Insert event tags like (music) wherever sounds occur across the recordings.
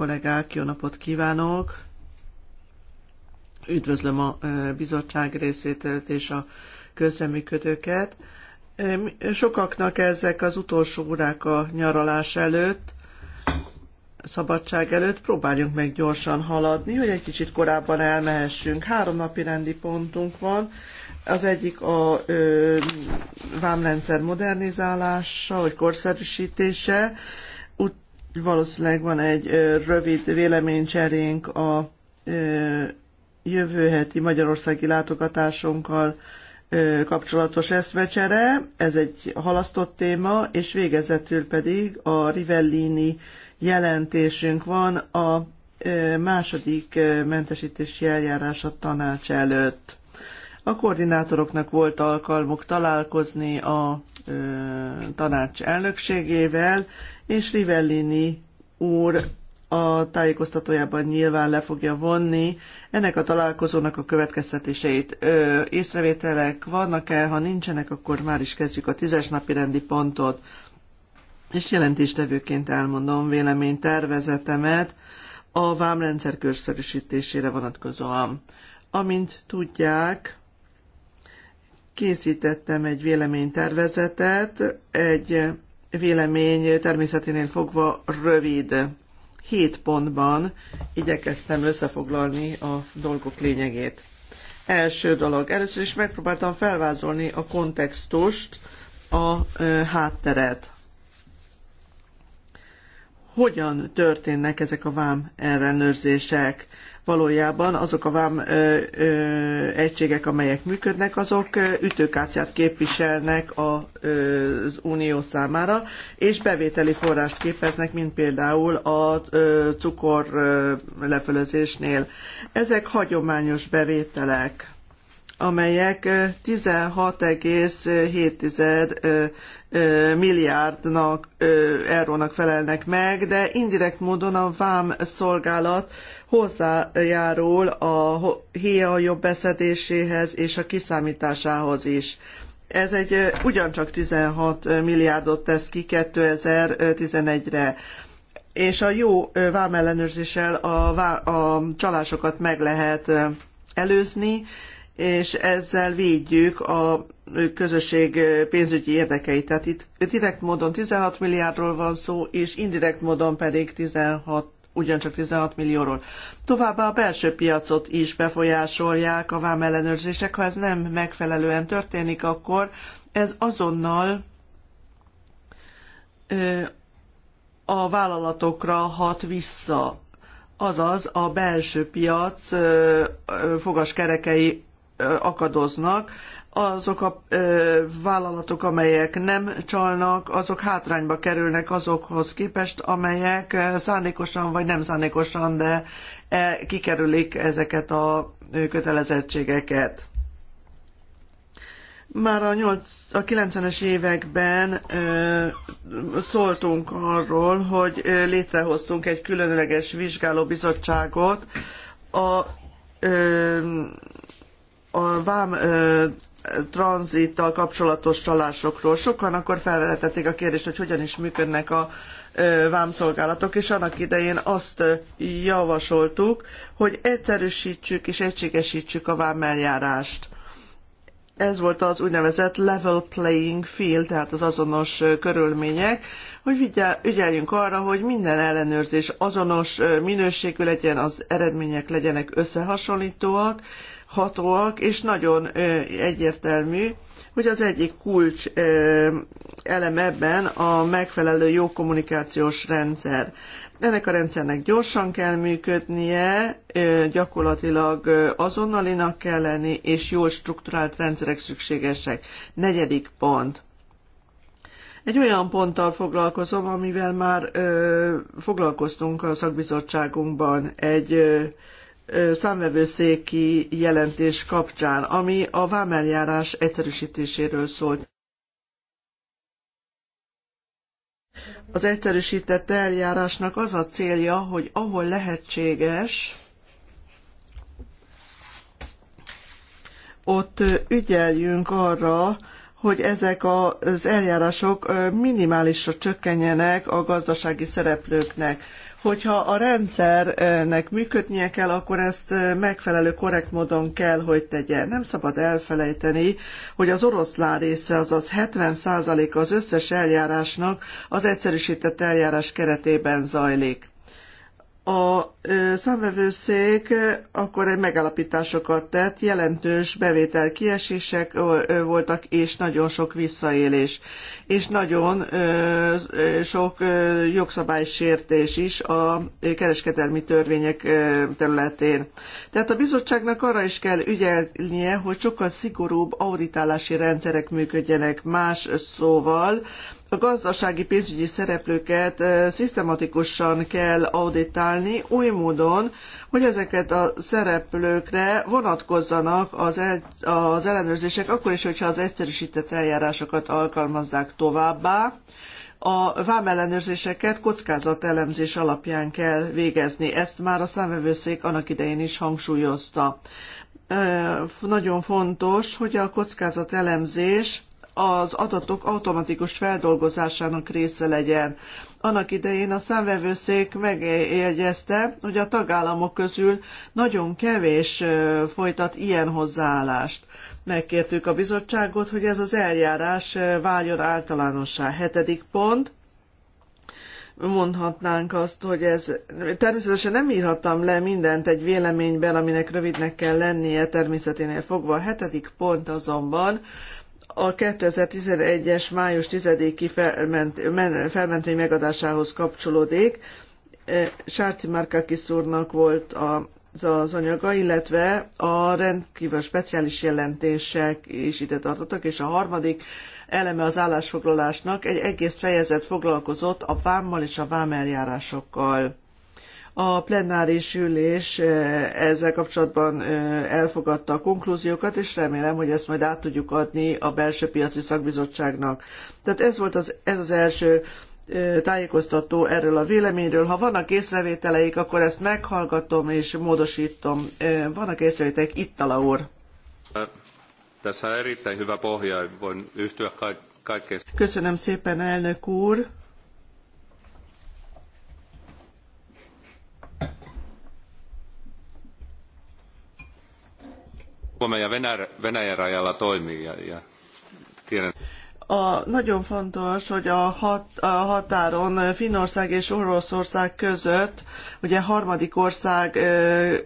kollégák, jó napot kívánok! Üdvözlöm a e, bizottság részvételt és a közreműködőket. E, sokaknak ezek az utolsó órák a nyaralás előtt, szabadság előtt próbáljunk meg gyorsan haladni, hogy egy kicsit korábban elmehessünk. Három napi rendi pontunk van. Az egyik a ö, e, vámrendszer modernizálása, vagy korszerűsítése valószínűleg van egy rövid véleménycserénk a jövő heti magyarországi látogatásunkkal kapcsolatos eszmecsere. Ez egy halasztott téma, és végezetül pedig a Rivellini jelentésünk van a második mentesítési eljárás a tanács előtt. A koordinátoroknak volt alkalmuk találkozni a tanács elnökségével, és Rivellini úr a tájékoztatójában nyilván le fogja vonni ennek a találkozónak a következtetéseit. Ö, észrevételek vannak-e, ha nincsenek, akkor már is kezdjük a tízes napi rendi pontot. És jelentéstevőként elmondom tervezetemet a vámrendszer körszerűsítésére vonatkozóan. Amint tudják, készítettem egy véleménytervezetet, egy vélemény természeténél fogva rövid. Hét pontban igyekeztem összefoglalni a dolgok lényegét. Első dolog. Először is megpróbáltam felvázolni a kontextust, a hátteret. Hogyan történnek ezek a vám ellenőrzések? valójában azok a vám egységek, amelyek működnek, azok ütőkártyát képviselnek az unió számára, és bevételi forrást képeznek, mint például a cukor lefölözésnél. Ezek hagyományos bevételek amelyek 16,7 milliárdnak, eurónak felelnek meg, de indirekt módon a vám szolgálat hozzájárul a héja jobb beszedéséhez és a kiszámításához is. Ez egy ugyancsak 16 milliárdot tesz ki 2011-re és a jó vámellenőrzéssel a, a csalásokat meg lehet előzni, és ezzel védjük a közösség pénzügyi érdekeit. Tehát itt direkt módon 16 milliárdról van szó, és indirekt módon pedig 16 ugyancsak 16 millióról. Továbbá a belső piacot is befolyásolják a vámellenőrzések. Ha ez nem megfelelően történik, akkor ez azonnal a vállalatokra hat vissza. Azaz a belső piac fogaskerekei akadoznak, azok a ö, vállalatok, amelyek nem csalnak, azok hátrányba kerülnek azokhoz képest, amelyek szándékosan vagy nem szándékosan, de e, kikerülik ezeket a kötelezettségeket. Már a, a 90-es években ö, szóltunk arról, hogy létrehoztunk egy különleges vizsgálóbizottságot a ö, a vám ö, tranzittal kapcsolatos csalásokról. Sokan akkor felvetették a kérdést, hogy hogyan is működnek a vámszolgálatok, és annak idején azt javasoltuk, hogy egyszerűsítsük és egységesítsük a vámeljárást. Ez volt az úgynevezett level playing field, tehát az azonos körülmények, hogy ügyeljünk arra, hogy minden ellenőrzés azonos minőségű legyen, az eredmények legyenek összehasonlítóak, hatóak, és nagyon egyértelmű, hogy az egyik kulcs elem ebben a megfelelő jó kommunikációs rendszer. Ennek a rendszernek gyorsan kell működnie, gyakorlatilag azonnalinak kell lenni, és jól strukturált rendszerek szükségesek. Negyedik pont. Egy olyan ponttal foglalkozom, amivel már ö, foglalkoztunk a szakbizottságunkban. Egy ö, számvevőszéki jelentés kapcsán, ami a vámeljárás egyszerűsítéséről szólt. Az egyszerűsített eljárásnak az a célja, hogy ahol lehetséges, ott ügyeljünk arra, hogy ezek az eljárások minimálisra csökkenjenek a gazdasági szereplőknek hogyha a rendszernek működnie kell, akkor ezt megfelelő, korrekt módon kell, hogy tegye. Nem szabad elfelejteni, hogy az oroszlán része, azaz 70%-a az összes eljárásnak az egyszerűsített eljárás keretében zajlik a számvevőszék akkor egy megállapításokat tett, jelentős bevétel kiesések voltak, és nagyon sok visszaélés, és nagyon sok jogszabálysértés is a kereskedelmi törvények területén. Tehát a bizottságnak arra is kell ügyelnie, hogy sokkal szigorúbb auditálási rendszerek működjenek más szóval, a gazdasági pénzügyi szereplőket szisztematikusan kell auditálni oly módon, hogy ezeket a szereplőkre vonatkozzanak az, el, az ellenőrzések, akkor is, hogyha az egyszerűsített eljárásokat alkalmazzák továbbá. A vámellenőrzéseket kockázatelemzés alapján kell végezni. Ezt már a számvevőszék annak idején is hangsúlyozta. Nagyon fontos, hogy a kockázatelemzés az adatok automatikus feldolgozásának része legyen. Annak idején a számvevőszék megjegyezte, hogy a tagállamok közül nagyon kevés folytat ilyen hozzáállást. Megkértük a bizottságot, hogy ez az eljárás váljon általánossá. Hetedik pont, mondhatnánk azt, hogy ez természetesen nem írhattam le mindent egy véleményben, aminek rövidnek kell lennie természeténél fogva. A hetedik pont azonban a 2011-es május 10-i felmentvény megadásához kapcsolódik. E, Sárci Márkakis úrnak volt a az, az anyaga, illetve a rendkívül speciális jelentések is ide tartottak, és a harmadik eleme az állásfoglalásnak egy egész fejezet foglalkozott a vámmal és a vámeljárásokkal. A plenáris ülés ezzel kapcsolatban elfogadta a konklúziókat, és remélem, hogy ezt majd át tudjuk adni a belső piaci szakbizottságnak. Tehát ez volt az, ez az első tájékoztató erről a véleményről. Ha vannak észrevételeik, akkor ezt meghallgatom és módosítom. Vannak észrevételeik, itt a úr. Tässä erittäin hyvä pohja, voin yhtyä Köszönöm szépen, elnök úr. A, nagyon fontos, hogy a, hat, a határon Finnország és Oroszország között, ugye harmadik ország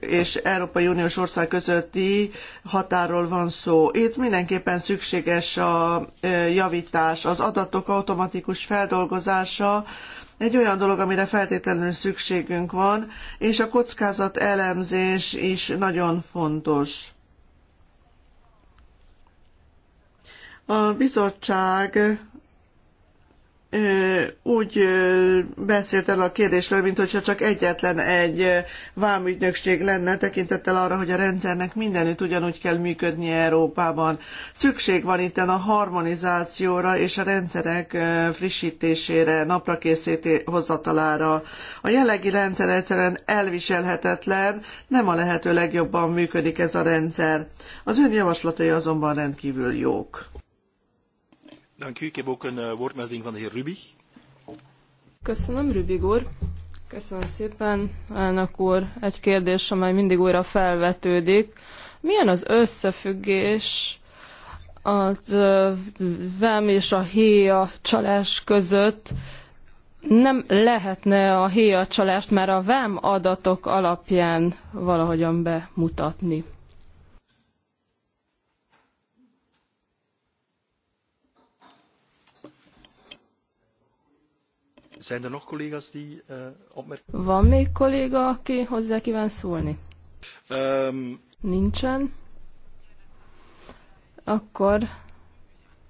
és Európai Uniós ország közötti határól van szó. Itt mindenképpen szükséges a javítás, az adatok automatikus feldolgozása, egy olyan dolog, amire feltétlenül szükségünk van, és a kockázat elemzés is nagyon fontos A bizottság úgy beszélt el a kérdésről, mint hogyha csak egyetlen egy vámügynökség lenne, tekintettel arra, hogy a rendszernek mindenütt ugyanúgy kell működnie Európában. Szükség van itten a harmonizációra és a rendszerek frissítésére, naprakészíté hozatalára. A jelenlegi rendszer egyszerűen elviselhetetlen, nem a lehető legjobban működik ez a rendszer. Az ön javaslatai azonban rendkívül jók. Dank u. Ik heb ook een eh, woordmelding van de heer Rubig. Köszönöm, úr. Köszönöm szépen, elnök úr. Egy kérdés, amely mindig újra felvetődik. Milyen az összefüggés a VEM és a héja csalás között? Nem lehetne a héja csalást már a VEM adatok alapján valahogyan bemutatni? Zijn er nog collega's die uh, Van még kolléga, aki hozzá kíván szólni? Um... Nincsen. Akkor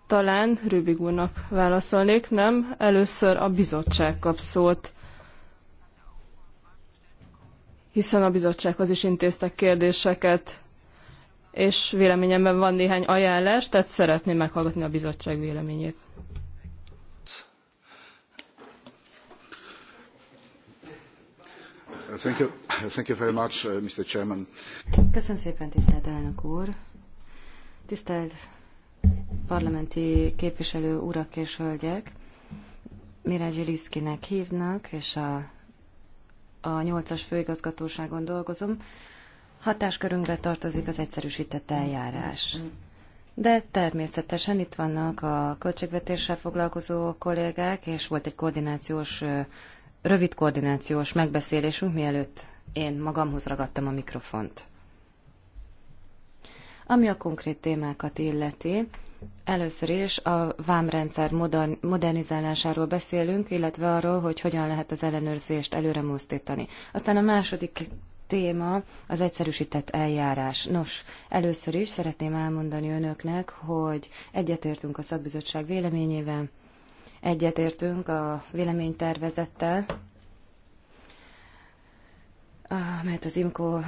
talán Rübig úrnak válaszolnék, nem? Először a bizottság kap szót, hiszen a bizottsághoz is intéztek kérdéseket, és véleményemben van néhány ajánlás, tehát szeretném meghallgatni a bizottság véleményét. Thank you, thank you very much, uh, Mr. Chairman. Köszönöm szépen, tisztelt elnök úr. Tisztelt parlamenti képviselő urak és hölgyek. Mirágyi Liszkinek hívnak, és a, a 8-as főigazgatóságon dolgozom. Hatáskörünkbe tartozik az egyszerűsített eljárás. De természetesen itt vannak a költségvetéssel foglalkozó kollégák, és volt egy koordinációs rövid koordinációs megbeszélésünk, mielőtt én magamhoz ragadtam a mikrofont. Ami a konkrét témákat illeti, először is a vámrendszer modern, modernizálásáról beszélünk, illetve arról, hogy hogyan lehet az ellenőrzést előre mozdítani. Aztán a második téma az egyszerűsített eljárás. Nos, először is szeretném elmondani önöknek, hogy egyetértünk a szakbizottság véleményével, egyetértünk a véleménytervezettel, amelyet az IMCO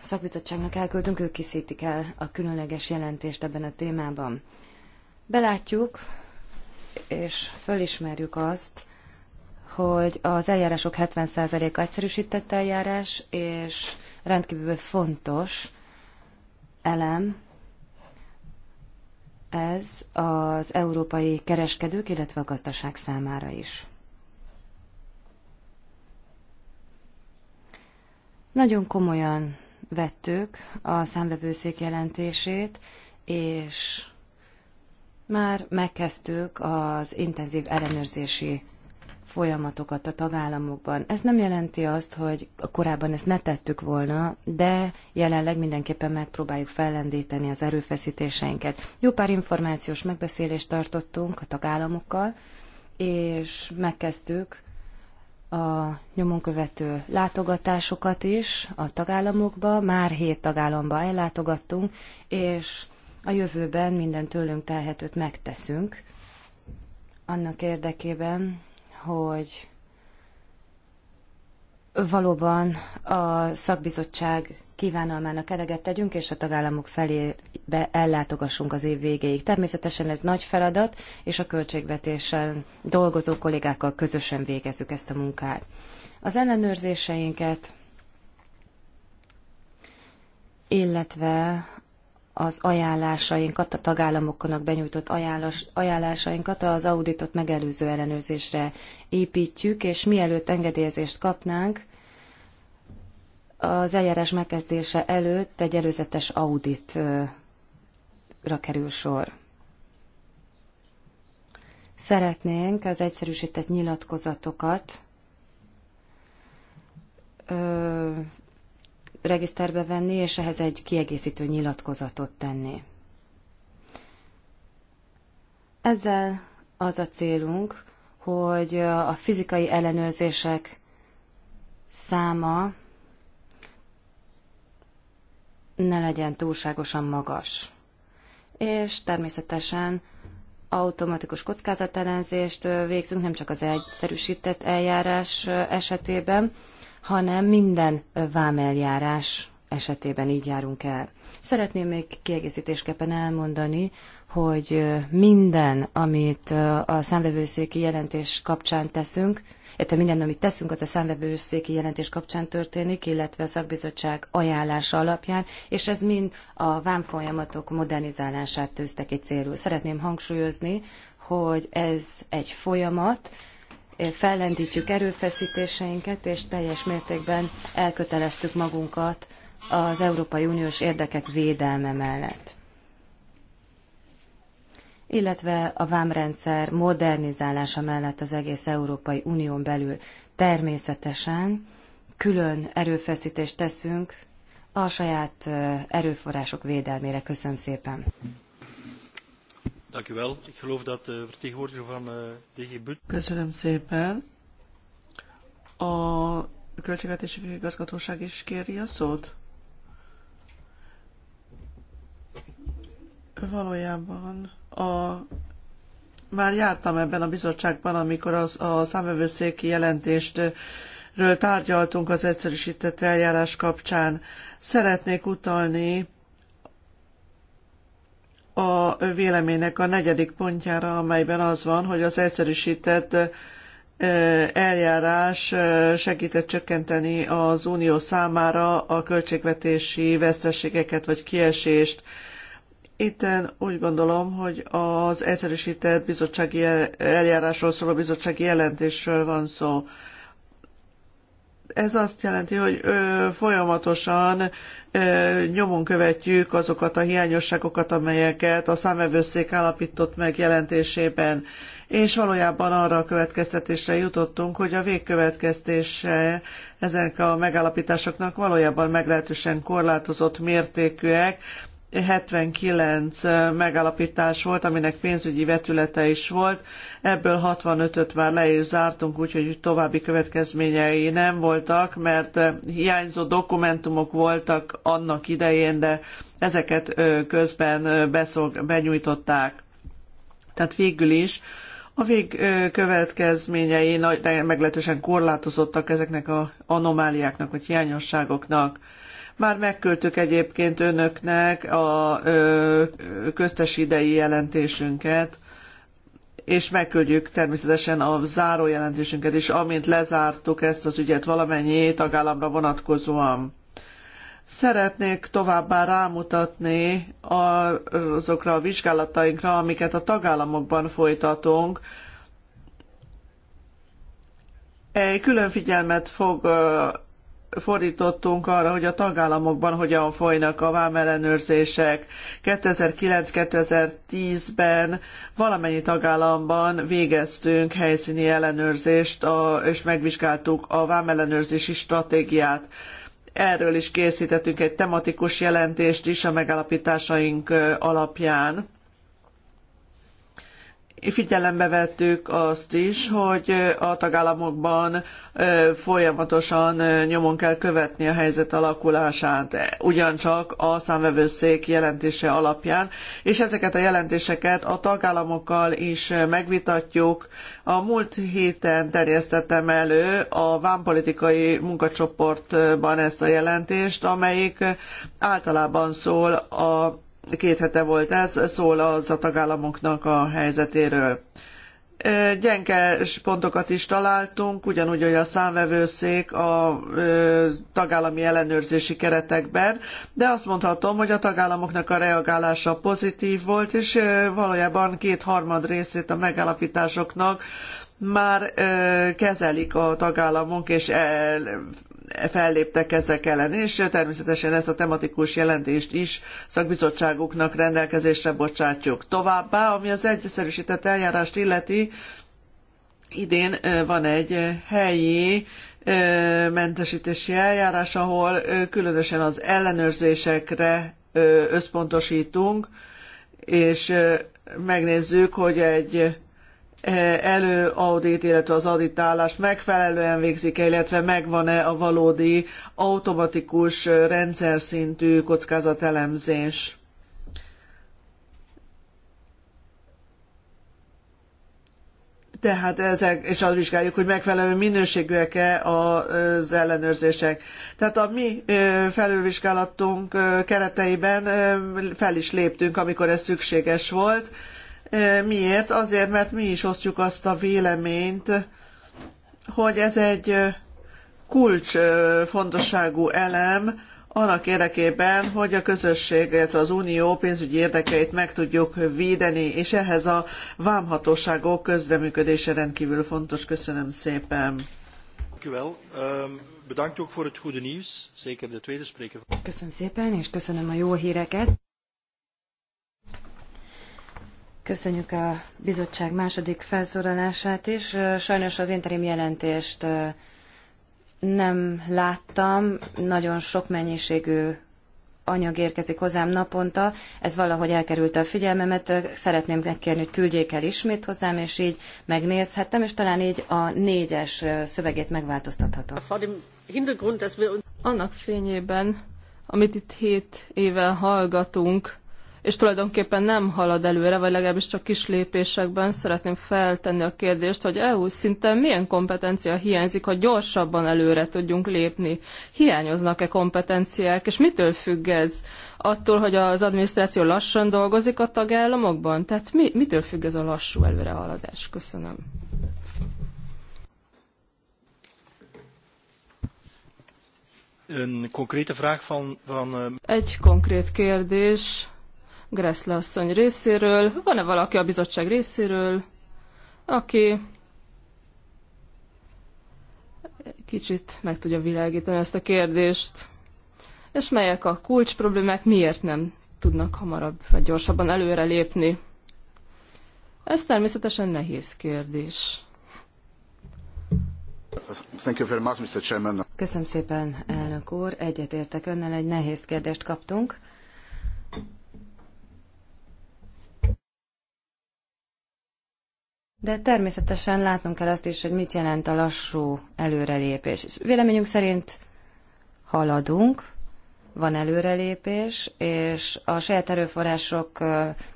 szakbizottságnak elküldtünk, ők készítik el a különleges jelentést ebben a témában. Belátjuk és fölismerjük azt, hogy az eljárások 70%-a egyszerűsített eljárás, és rendkívül fontos elem ez az európai kereskedők, illetve a gazdaság számára is. Nagyon komolyan vettük a számvevőszék jelentését, és már megkezdtük az intenzív ellenőrzési folyamatokat a tagállamokban. Ez nem jelenti azt, hogy korábban ezt ne tettük volna, de jelenleg mindenképpen megpróbáljuk fellendíteni az erőfeszítéseinket. Jó pár információs megbeszélést tartottunk a tagállamokkal, és megkezdtük a nyomonkövető látogatásokat is a tagállamokba. Már hét tagállamba ellátogattunk, és a jövőben minden tőlünk telhetőt megteszünk annak érdekében, hogy valóban a szakbizottság kívánalmának eleget tegyünk, és a tagállamok felé be ellátogassunk az év végéig. Természetesen ez nagy feladat, és a költségvetéssel dolgozó kollégákkal közösen végezzük ezt a munkát. Az ellenőrzéseinket, illetve az ajánlásainkat, a tagállamoknak benyújtott ajánlás, ajánlásainkat az auditot megelőző ellenőrzésre építjük, és mielőtt engedélyezést kapnánk, az eljárás megkezdése előtt egy előzetes auditra kerül sor. Szeretnénk az egyszerűsített nyilatkozatokat ö, regiszterbe venni, és ehhez egy kiegészítő nyilatkozatot tenni. Ezzel az a célunk, hogy a fizikai ellenőrzések száma ne legyen túlságosan magas. És természetesen automatikus kockázatelenzést végzünk, nem csak az egyszerűsített eljárás esetében, hanem minden vámeljárás esetében így járunk el. Szeretném még kiegészítésképpen elmondani, hogy minden, amit a számvevőszéki jelentés kapcsán teszünk, illetve minden, amit teszünk, az a számvevőszéki jelentés kapcsán történik, illetve a szakbizottság ajánlása alapján, és ez mind a vámfolyamatok modernizálását tűzte ki célul. Szeretném hangsúlyozni, hogy ez egy folyamat, fellendítjük erőfeszítéseinket, és teljes mértékben elköteleztük magunkat az Európai Uniós érdekek védelme mellett illetve a vámrendszer modernizálása mellett az egész Európai Unión belül természetesen külön erőfeszítést teszünk a saját erőforrások védelmére. Köszönöm szépen! Dank u wel. Ik geloof dat de vertegenwoordiger van eh, DG Bud... Köszönöm szépen. A Költségvetési Főigazgatóság is kéri a szót? Valójában a már jártam ebben a bizottságban, amikor az, a számövőszéki jelentést tárgyaltunk az egyszerűsített eljárás kapcsán. Szeretnék utalni a véleménynek a negyedik pontjára, amelyben az van, hogy az egyszerűsített eljárás segített csökkenteni az unió számára a költségvetési veszteségeket vagy kiesést. Itten úgy gondolom, hogy az egyszerűsített bizottsági eljárásról szóló bizottsági jelentésről van szó. Ez azt jelenti, hogy folyamatosan nyomon követjük azokat a hiányosságokat, amelyeket a számvevőszék állapított meg jelentésében. És valójában arra a következtetésre jutottunk, hogy a végkövetkeztése ezek a megállapításoknak valójában meglehetősen korlátozott mértékűek, 79 megállapítás volt, aminek pénzügyi vetülete is volt. Ebből 65-öt már le is zártunk, úgyhogy további következményei nem voltak, mert hiányzó dokumentumok voltak annak idején, de ezeket közben beszolg, benyújtották. Tehát végül is a következményei nagy, meglehetősen korlátozottak ezeknek a anomáliáknak vagy hiányosságoknak. Már megküldtük egyébként önöknek a köztes idei jelentésünket, és megküldjük természetesen a záró jelentésünket is, amint lezártuk ezt az ügyet valamennyi tagállamra vonatkozóan. Szeretnék továbbá rámutatni azokra a vizsgálatainkra, amiket a tagállamokban folytatunk. Egy külön figyelmet fog fordítottunk arra, hogy a tagállamokban hogyan folynak a vámellenőrzések. 2009-2010-ben valamennyi tagállamban végeztünk helyszíni ellenőrzést, és megvizsgáltuk a vámellenőrzési stratégiát. Erről is készítettünk egy tematikus jelentést is a megállapításaink alapján figyelembe vettük azt is, hogy a tagállamokban folyamatosan nyomon kell követni a helyzet alakulását, e, ugyancsak a számvevőszék jelentése alapján, és ezeket a jelentéseket a tagállamokkal is megvitatjuk. A múlt héten terjesztettem elő a vámpolitikai munkacsoportban ezt a jelentést, amelyik általában szól a két hete volt ez, szól az a tagállamoknak a helyzetéről. Gyenge pontokat is találtunk, ugyanúgy, hogy a számvevőszék a tagállami ellenőrzési keretekben, de azt mondhatom, hogy a tagállamoknak a reagálása pozitív volt, és valójában kétharmad részét a megállapításoknak már kezelik a tagállamok, és felléptek ezek ellen, és természetesen ezt a tematikus jelentést is szakbizottságuknak rendelkezésre bocsátjuk. Továbbá, ami az egyszerűsített eljárást illeti, idén van egy helyi mentesítési eljárás, ahol különösen az ellenőrzésekre összpontosítunk, és megnézzük, hogy egy előaudit, illetve az auditálást megfelelően végzik-e, illetve megvan-e a valódi automatikus rendszer szintű kockázatelemzés. tehát ezek, és azt vizsgáljuk, hogy megfelelő minőségűek-e az ellenőrzések. Tehát a mi felülvizsgálatunk kereteiben fel is léptünk, amikor ez szükséges volt, Miért? Azért, mert mi is osztjuk azt a véleményt, hogy ez egy kulcsfontosságú elem annak érdekében, hogy a közösség, illetve az unió pénzügyi érdekeit meg tudjuk védeni, és ehhez a vámhatóságok közreműködése rendkívül fontos. Köszönöm szépen. Ehm, köszönöm szépen, és köszönöm a jó híreket. Köszönjük a bizottság második felszólalását is. Sajnos az interim jelentést nem láttam, nagyon sok mennyiségű anyag érkezik hozzám naponta, ez valahogy elkerült a figyelmemet, szeretném megkérni, hogy küldjék el ismét hozzám, és így megnézhettem, és talán így a négyes szövegét megváltoztathatom. Annak fényében, amit itt hét éve hallgatunk, és tulajdonképpen nem halad előre, vagy legalábbis csak kis lépésekben szeretném feltenni a kérdést, hogy EU szinten milyen kompetencia hiányzik, hogy gyorsabban előre tudjunk lépni. Hiányoznak-e kompetenciák, és mitől függ ez? Attól, hogy az adminisztráció lassan dolgozik a tagállamokban? Tehát mi, mitől függ ez a lassú előrehaladás? Köszönöm. Eh, Egy konkrét kérdés Gressle asszony részéről. Van-e valaki a bizottság részéről, aki kicsit meg tudja világítani ezt a kérdést, és melyek a kulcs problémák, miért nem tudnak hamarabb vagy gyorsabban előrelépni. Ez természetesen nehéz kérdés. Köszönöm szépen, elnök úr. Egyetértek önnel, egy nehéz kérdést kaptunk. De természetesen látnunk kell azt is, hogy mit jelent a lassú előrelépés. Véleményünk szerint haladunk, van előrelépés, és a saját erőforrások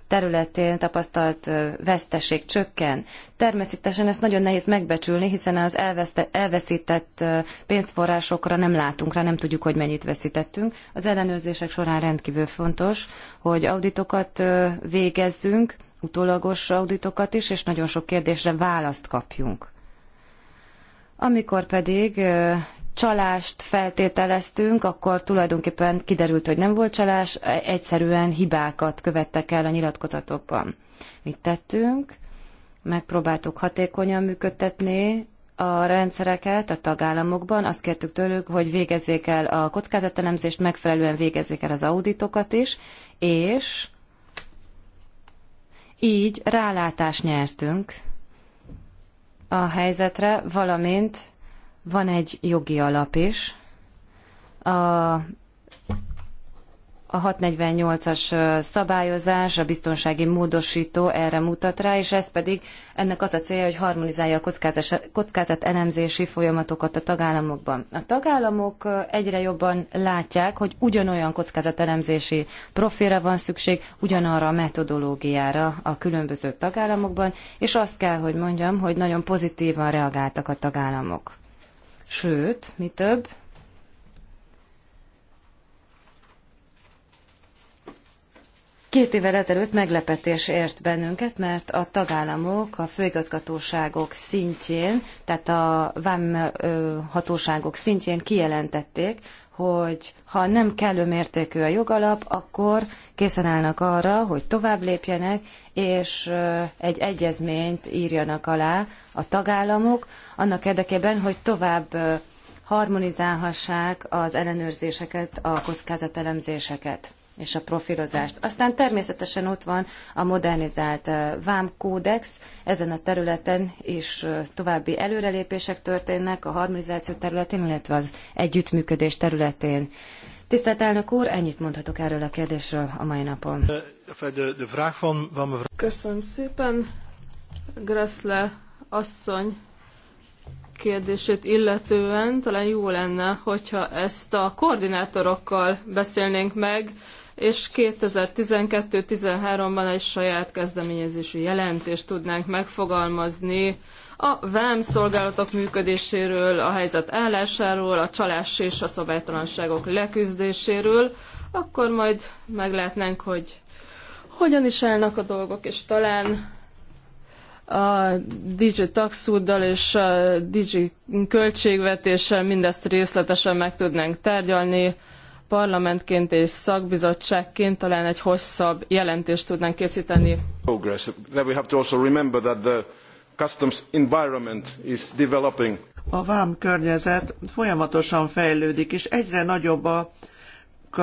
területén tapasztalt veszteség csökken. Természetesen ezt nagyon nehéz megbecsülni, hiszen az elveszített pénzforrásokra nem látunk rá, nem tudjuk, hogy mennyit veszítettünk. Az ellenőrzések során rendkívül fontos, hogy auditokat végezzünk, utólagos auditokat is, és nagyon sok kérdésre választ kapjunk. Amikor pedig csalást feltételeztünk, akkor tulajdonképpen kiderült, hogy nem volt csalás, e, egyszerűen hibákat követtek el a nyilatkozatokban. Mit tettünk? Megpróbáltuk hatékonyan működtetni a rendszereket a tagállamokban. Azt kértük tőlük, hogy végezzék el a kockázatelemzést, megfelelően végezzék el az auditokat is, és így rálátást nyertünk a helyzetre, valamint van egy jogi alap is a a 648-as szabályozás, a biztonsági módosító erre mutat rá, és ez pedig ennek az a célja, hogy harmonizálja a kockázat elemzési folyamatokat a tagállamokban. A tagállamok egyre jobban látják, hogy ugyanolyan kockázat elemzési profilra van szükség, ugyanarra a metodológiára a különböző tagállamokban, és azt kell, hogy mondjam, hogy nagyon pozitívan reagáltak a tagállamok. Sőt, mi több, Két évvel ezelőtt meglepetés ért bennünket, mert a tagállamok a főigazgatóságok szintjén, tehát a vám hatóságok szintjén kijelentették, hogy ha nem kellő mértékű a jogalap, akkor készen állnak arra, hogy tovább lépjenek, és egy egyezményt írjanak alá a tagállamok, annak érdekében, hogy tovább harmonizálhassák az ellenőrzéseket, a kockázatelemzéseket és a profilozást. Aztán természetesen ott van a modernizált vámkódex, ezen a területen is további előrelépések történnek a harmonizáció területén, illetve az együttműködés területén. Tisztelt elnök úr, ennyit mondhatok erről a kérdésről a mai napon. Eh, Köszönöm szépen, Gressle asszony kérdését illetően talán jó lenne, hogyha ezt a koordinátorokkal beszélnénk meg, és 2012-13-ban egy saját kezdeményezésű jelentést tudnánk megfogalmazni a szolgálatok működéséről, a helyzet állásáról, a csalás és a szabálytalanságok leküzdéséről, akkor majd meglátnánk, hogy hogyan is állnak a dolgok, és talán a DJ Taxuddal és a DJ költségvetéssel mindezt részletesen meg tudnánk tárgyalni, parlamentként és szakbizottságként talán egy hosszabb jelentést tudnánk készíteni. A vám környezet folyamatosan fejlődik, és egyre nagyobb a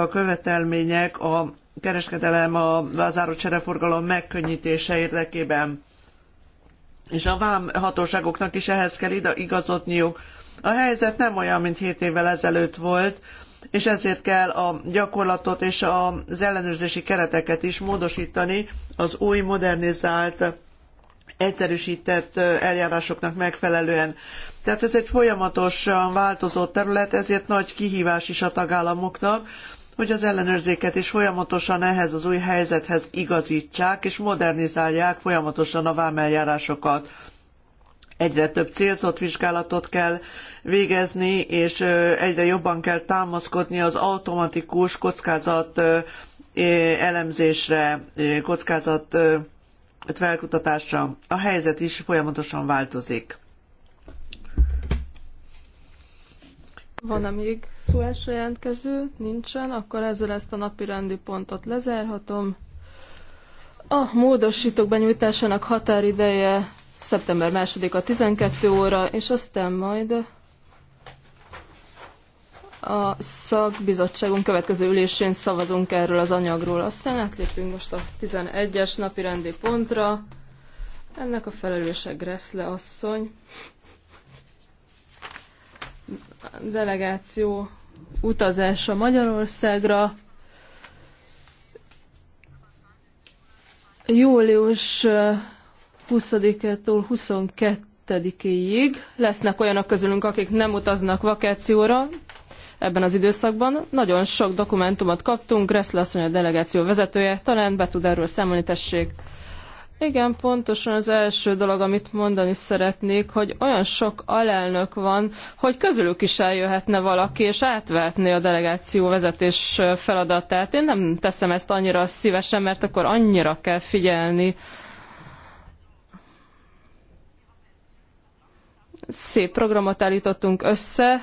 követelmények a kereskedelem, a árut csereforgalom megkönnyítése érdekében. És a vám hatóságoknak is ehhez kell igazodniuk. A helyzet nem olyan, mint 7 évvel ezelőtt volt, és ezért kell a gyakorlatot és az ellenőrzési kereteket is módosítani az új modernizált egyszerűsített eljárásoknak megfelelően. Tehát ez egy folyamatosan változó terület, ezért nagy kihívás is a tagállamoknak, hogy az ellenőrzéket is folyamatosan ehhez az új helyzethez igazítsák, és modernizálják folyamatosan a vámeljárásokat egyre több célzott vizsgálatot kell végezni, és egyre jobban kell támaszkodni az automatikus kockázat elemzésre, kockázat felkutatásra. A helyzet is folyamatosan változik. Van-e még szólásra jelentkező? Nincsen. Akkor ezzel ezt a napi rendi pontot lezárhatom. A módosítók benyújtásának határideje szeptember 2-a 12 óra, és aztán majd a szakbizottságunk következő ülésén szavazunk erről az anyagról. Aztán átlépünk most a 11-es napi rendi pontra. Ennek a felelőse Greszle asszony. Delegáció utazása Magyarországra. Július 20-től 22-ig lesznek olyanok közülünk, akik nem utaznak vakációra ebben az időszakban. Nagyon sok dokumentumot kaptunk, Gressler asszony a delegáció vezetője, talán be tud erről számolni, tessék. Igen, pontosan az első dolog, amit mondani szeretnék, hogy olyan sok alelnök van, hogy közülük is eljöhetne valaki, és átvehetné a delegáció vezetés feladatát. Én nem teszem ezt annyira szívesen, mert akkor annyira kell figyelni szép programot állítottunk össze,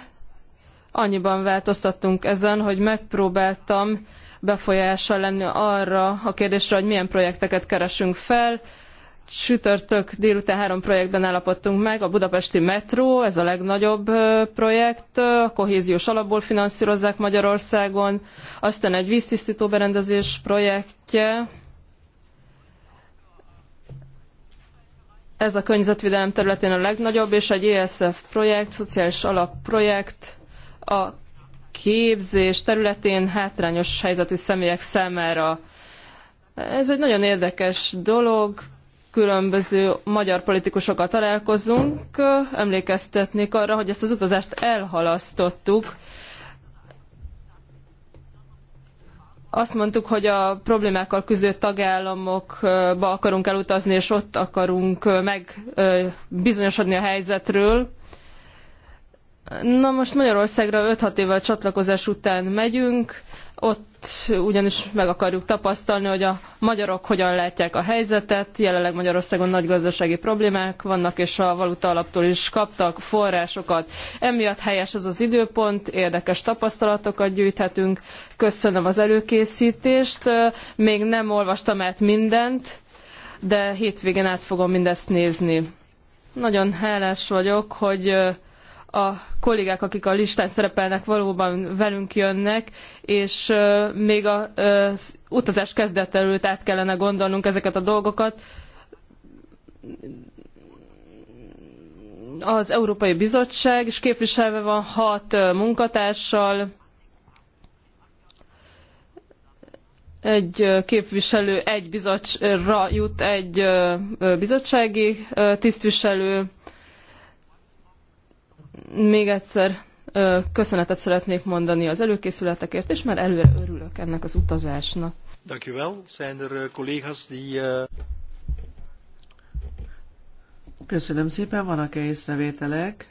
annyiban változtattunk ezen, hogy megpróbáltam befolyással lenni arra a kérdésre, hogy milyen projekteket keresünk fel. Csütörtök délután három projektben állapodtunk meg, a budapesti metró, ez a legnagyobb projekt, a kohéziós alapból finanszírozzák Magyarországon, aztán egy víztisztító berendezés projektje, Ez a környezetvédelem területén a legnagyobb, és egy ESF projekt, szociális alapprojekt a képzés területén hátrányos helyzetű személyek számára. Ez egy nagyon érdekes dolog, különböző magyar politikusokkal találkozunk. Emlékeztetnék arra, hogy ezt az utazást elhalasztottuk, azt mondtuk, hogy a problémákkal küzdő tagállamokba akarunk elutazni, és ott akarunk megbizonyosodni a helyzetről. Na most Magyarországra 5-6 évvel csatlakozás után megyünk, ott ugyanis meg akarjuk tapasztalni, hogy a magyarok hogyan látják a helyzetet. Jelenleg Magyarországon nagy gazdasági problémák vannak, és a valuta alaptól is kaptak forrásokat. Emiatt helyes ez az időpont, érdekes tapasztalatokat gyűjthetünk. Köszönöm az előkészítést. Még nem olvastam át mindent, de hétvégén át fogom mindezt nézni. Nagyon hálás vagyok, hogy a kollégák, akik a listán szerepelnek, valóban velünk jönnek, és még az utazás kezdet előtt át kellene gondolnunk ezeket a dolgokat. Az Európai Bizottság is képviselve van hat munkatársal, egy képviselő egy bizottságra jut egy bizottsági tisztviselő, még egyszer köszönetet szeretnék mondani az előkészületekért, és már előre örülök ennek az utazásnak. Dankjewel. Zijn er eh, collega's die... Eh, Köszönöm szépen, vannak-e észrevételek?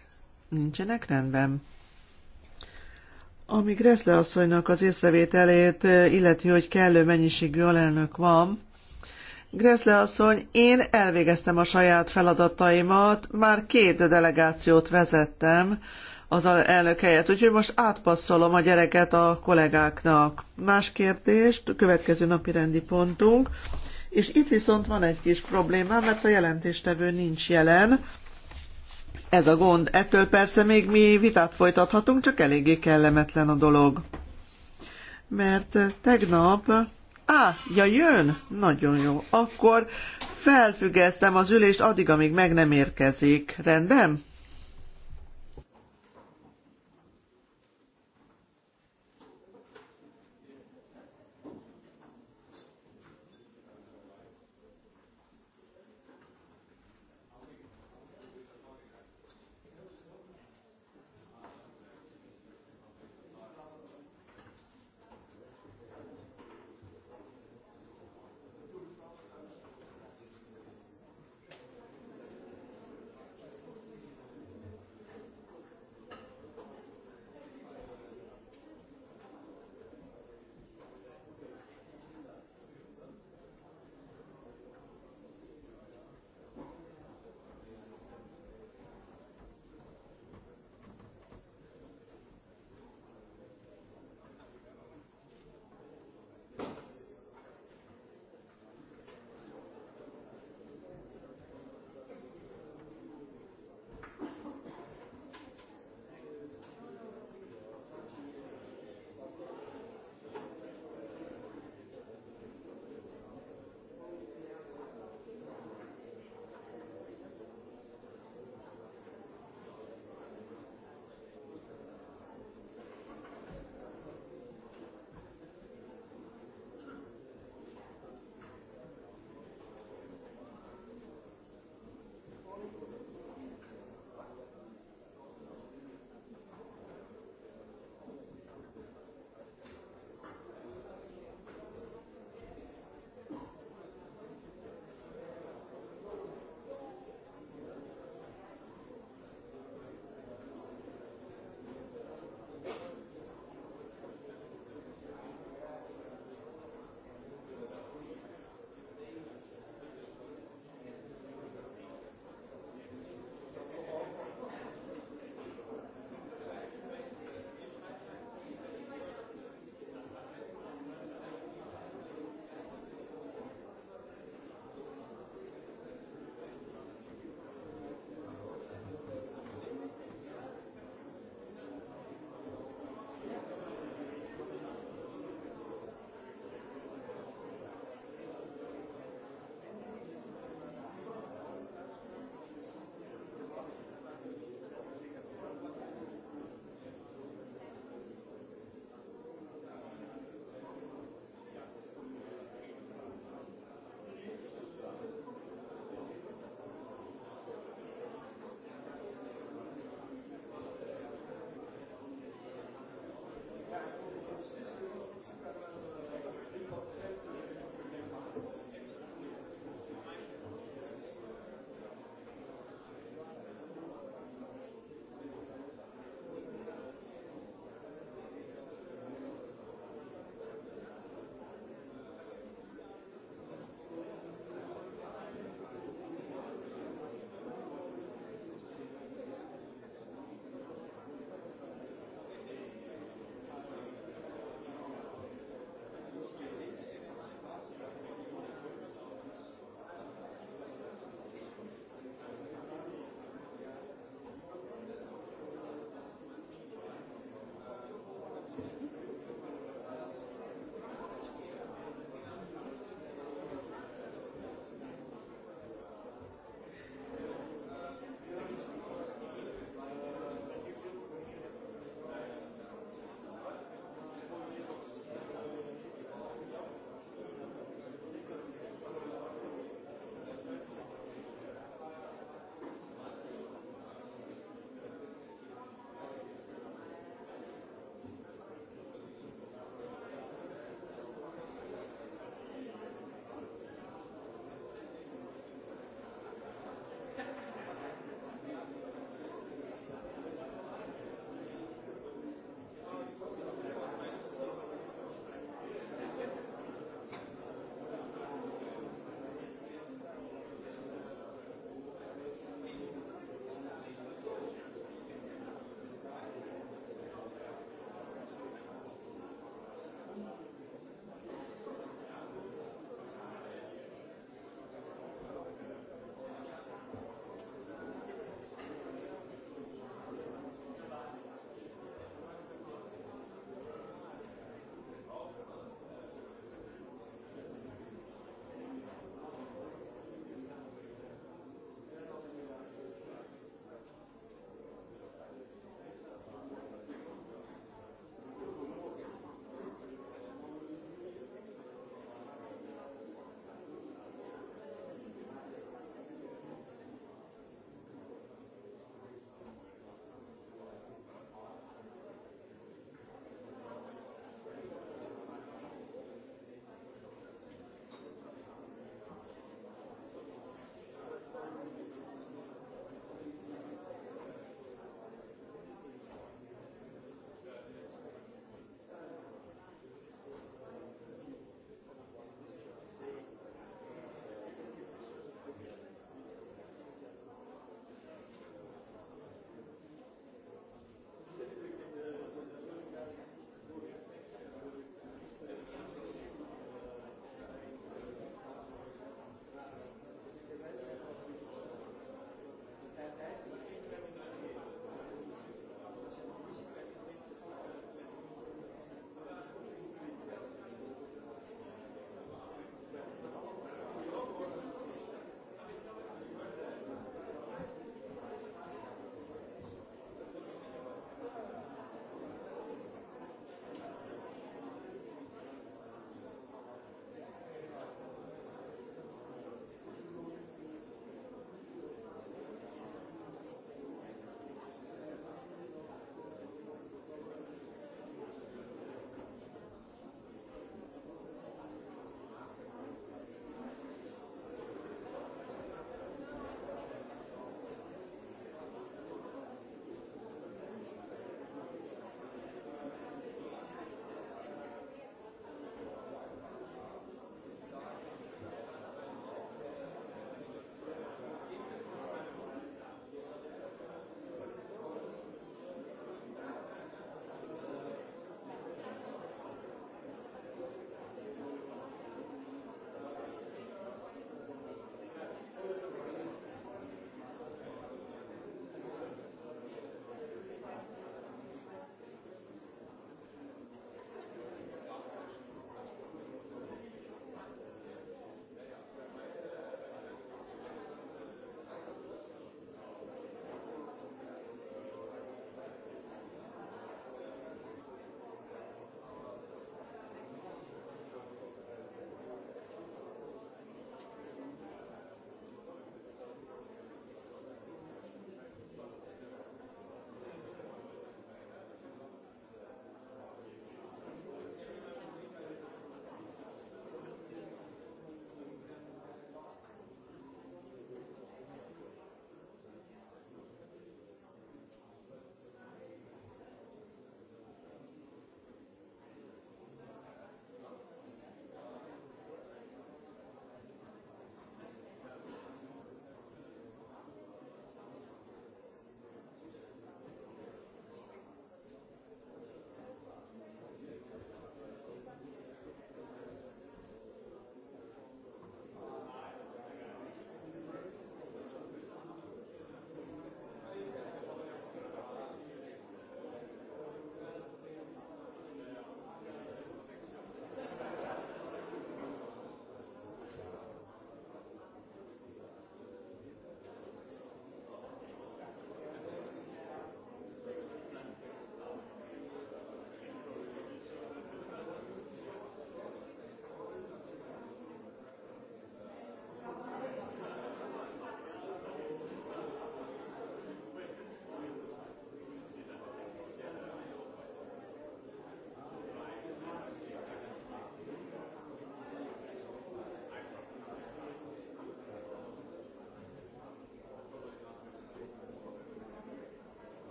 Nincsenek rendben. Ami Greszle asszonynak az észrevételét eh, illeti, hogy kellő mennyiségű alelnök van, Greszle asszony, én elvégeztem a saját feladataimat, már két delegációt vezettem az elnök helyett, úgyhogy most átpasszolom a gyereket a kollégáknak. Más kérdést, következő napi rendi pontunk, és itt viszont van egy kis problémám, mert a jelentéstevő nincs jelen. Ez a gond. Ettől persze még mi vitát folytathatunk, csak eléggé kellemetlen a dolog. Mert tegnap Á, ja jön? Nagyon jó. Akkor felfüggesztem az ülést addig, amíg meg nem érkezik. Rendben?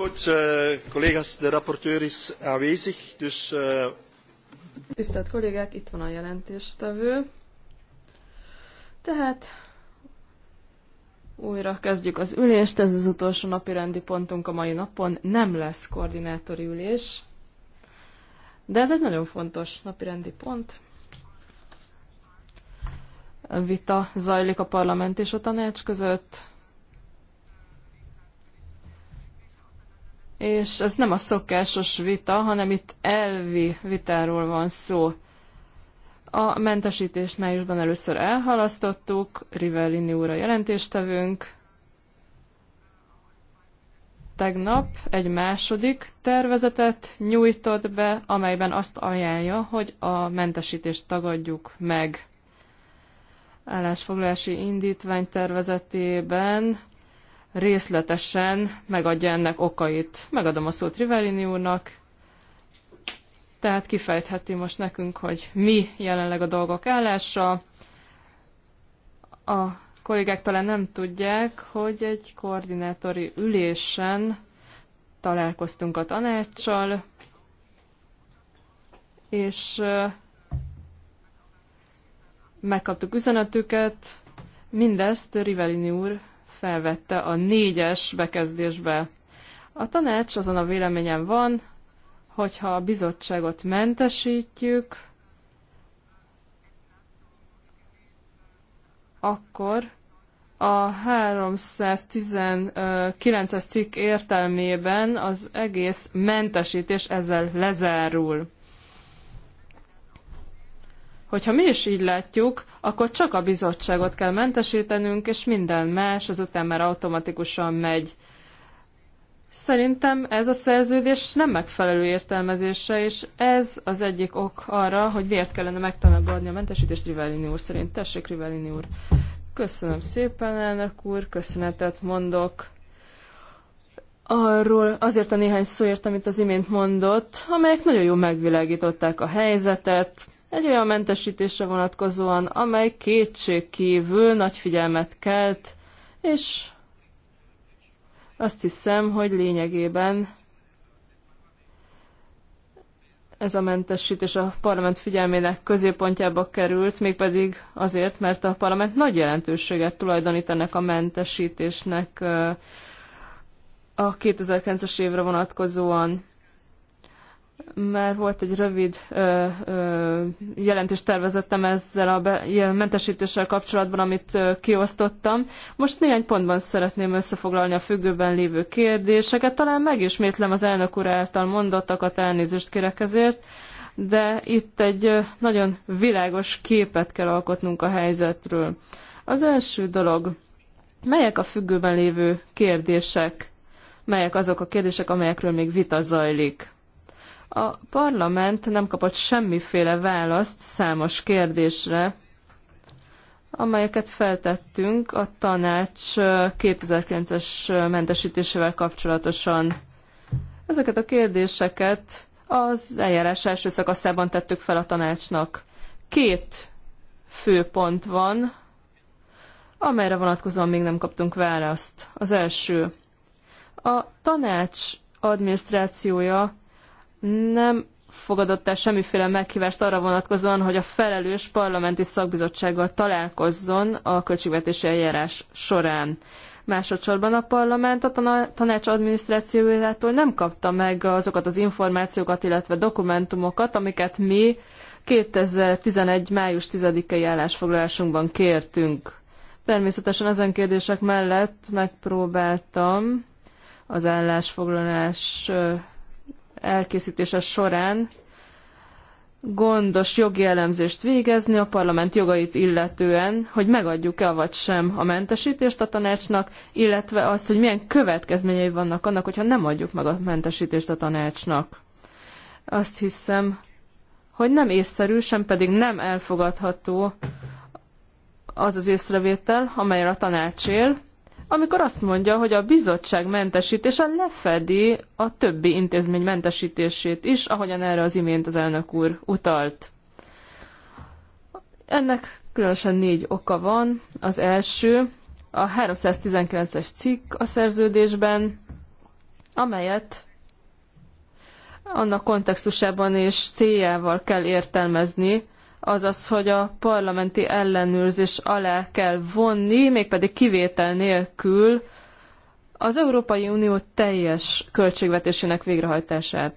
Goed, uh, collega's, de rapporteur is aanwezig, dus... Uh... Tisztelt kollégák, itt van a jelentéstevő. Tehát újra kezdjük az ülést, ez az utolsó napi rendi pontunk a mai napon. Nem lesz koordinátori ülés, de ez egy nagyon fontos napi rendi pont. Vita zajlik a parlament és a tanács között és ez nem a szokásos vita, hanem itt elvi vitáról van szó. A mentesítést májusban először elhalasztottuk, Rivellini úr a jelentéstevünk. Tegnap egy második tervezetet nyújtott be, amelyben azt ajánlja, hogy a mentesítést tagadjuk meg. Állásfoglalási indítvány tervezetében részletesen megadja ennek okait. Megadom a szót Rivellini úrnak, tehát kifejtheti most nekünk, hogy mi jelenleg a dolgok állása. A kollégák talán nem tudják, hogy egy koordinátori ülésen találkoztunk a tanácssal, és megkaptuk üzenetüket, mindezt Rivellini úr felvette a négyes bekezdésbe. A tanács azon a véleményen van, hogyha a bizottságot mentesítjük, akkor a 319-es cikk értelmében az egész mentesítés ezzel lezárul. Hogyha mi is így látjuk, akkor csak a bizottságot kell mentesítenünk, és minden más azután már automatikusan megy. Szerintem ez a szerződés nem megfelelő értelmezése, és ez az egyik ok arra, hogy miért kellene megtanagadni a mentesítést Rivellini úr szerint. Tessék, Rivellini úr. Köszönöm szépen, elnök úr, köszönetet mondok arról azért a néhány szóért, amit az imént mondott, amelyek nagyon jól megvilágították a helyzetet, egy olyan mentesítésre vonatkozóan, amely kívül nagy figyelmet kelt, és azt hiszem, hogy lényegében ez a mentesítés a parlament figyelmének középpontjába került, mégpedig azért, mert a parlament nagy jelentőséget tulajdonít ennek a mentesítésnek a 2009-es évre vonatkozóan. Már volt egy rövid ö, ö, jelentést tervezettem ezzel a be, mentesítéssel kapcsolatban, amit ö, kiosztottam. Most néhány pontban szeretném összefoglalni a függőben lévő kérdéseket. Talán megismétlem az elnök úr által mondottakat, elnézést kérek ezért, de itt egy nagyon világos képet kell alkotnunk a helyzetről. Az első dolog, melyek a függőben lévő kérdések? Melyek azok a kérdések, amelyekről még vita zajlik? A parlament nem kapott semmiféle választ számos kérdésre, amelyeket feltettünk a tanács 2009-es mentesítésével kapcsolatosan. Ezeket a kérdéseket az eljárás első szakaszában tettük fel a tanácsnak. Két fő pont van, amelyre vonatkozóan még nem kaptunk választ. Az első. A tanács adminisztrációja nem fogadott el semmiféle meghívást arra vonatkozóan, hogy a felelős parlamenti szakbizottsággal találkozzon a költségvetési eljárás során. Másodszorban a parlament a tanács adminisztrációjától nem kapta meg azokat az információkat, illetve dokumentumokat, amiket mi 2011. május 10-i állásfoglalásunkban kértünk. Természetesen ezen kérdések mellett megpróbáltam az állásfoglalás elkészítése során gondos jogi elemzést végezni a parlament jogait illetően, hogy megadjuk-e vagy sem a mentesítést a tanácsnak, illetve azt, hogy milyen következményei vannak annak, hogyha nem adjuk meg a mentesítést a tanácsnak. Azt hiszem, hogy nem észszerű, sem pedig nem elfogadható az az észrevétel, amelyre a tanács él, amikor azt mondja, hogy a bizottság mentesítése lefedi a többi intézmény mentesítését is, ahogyan erre az imént az elnök úr utalt. Ennek különösen négy oka van. Az első, a 319-es cikk a szerződésben, amelyet annak kontextusában és céljával kell értelmezni, azaz, hogy a parlamenti ellenőrzés alá kell vonni, mégpedig kivétel nélkül az Európai Unió teljes költségvetésének végrehajtását.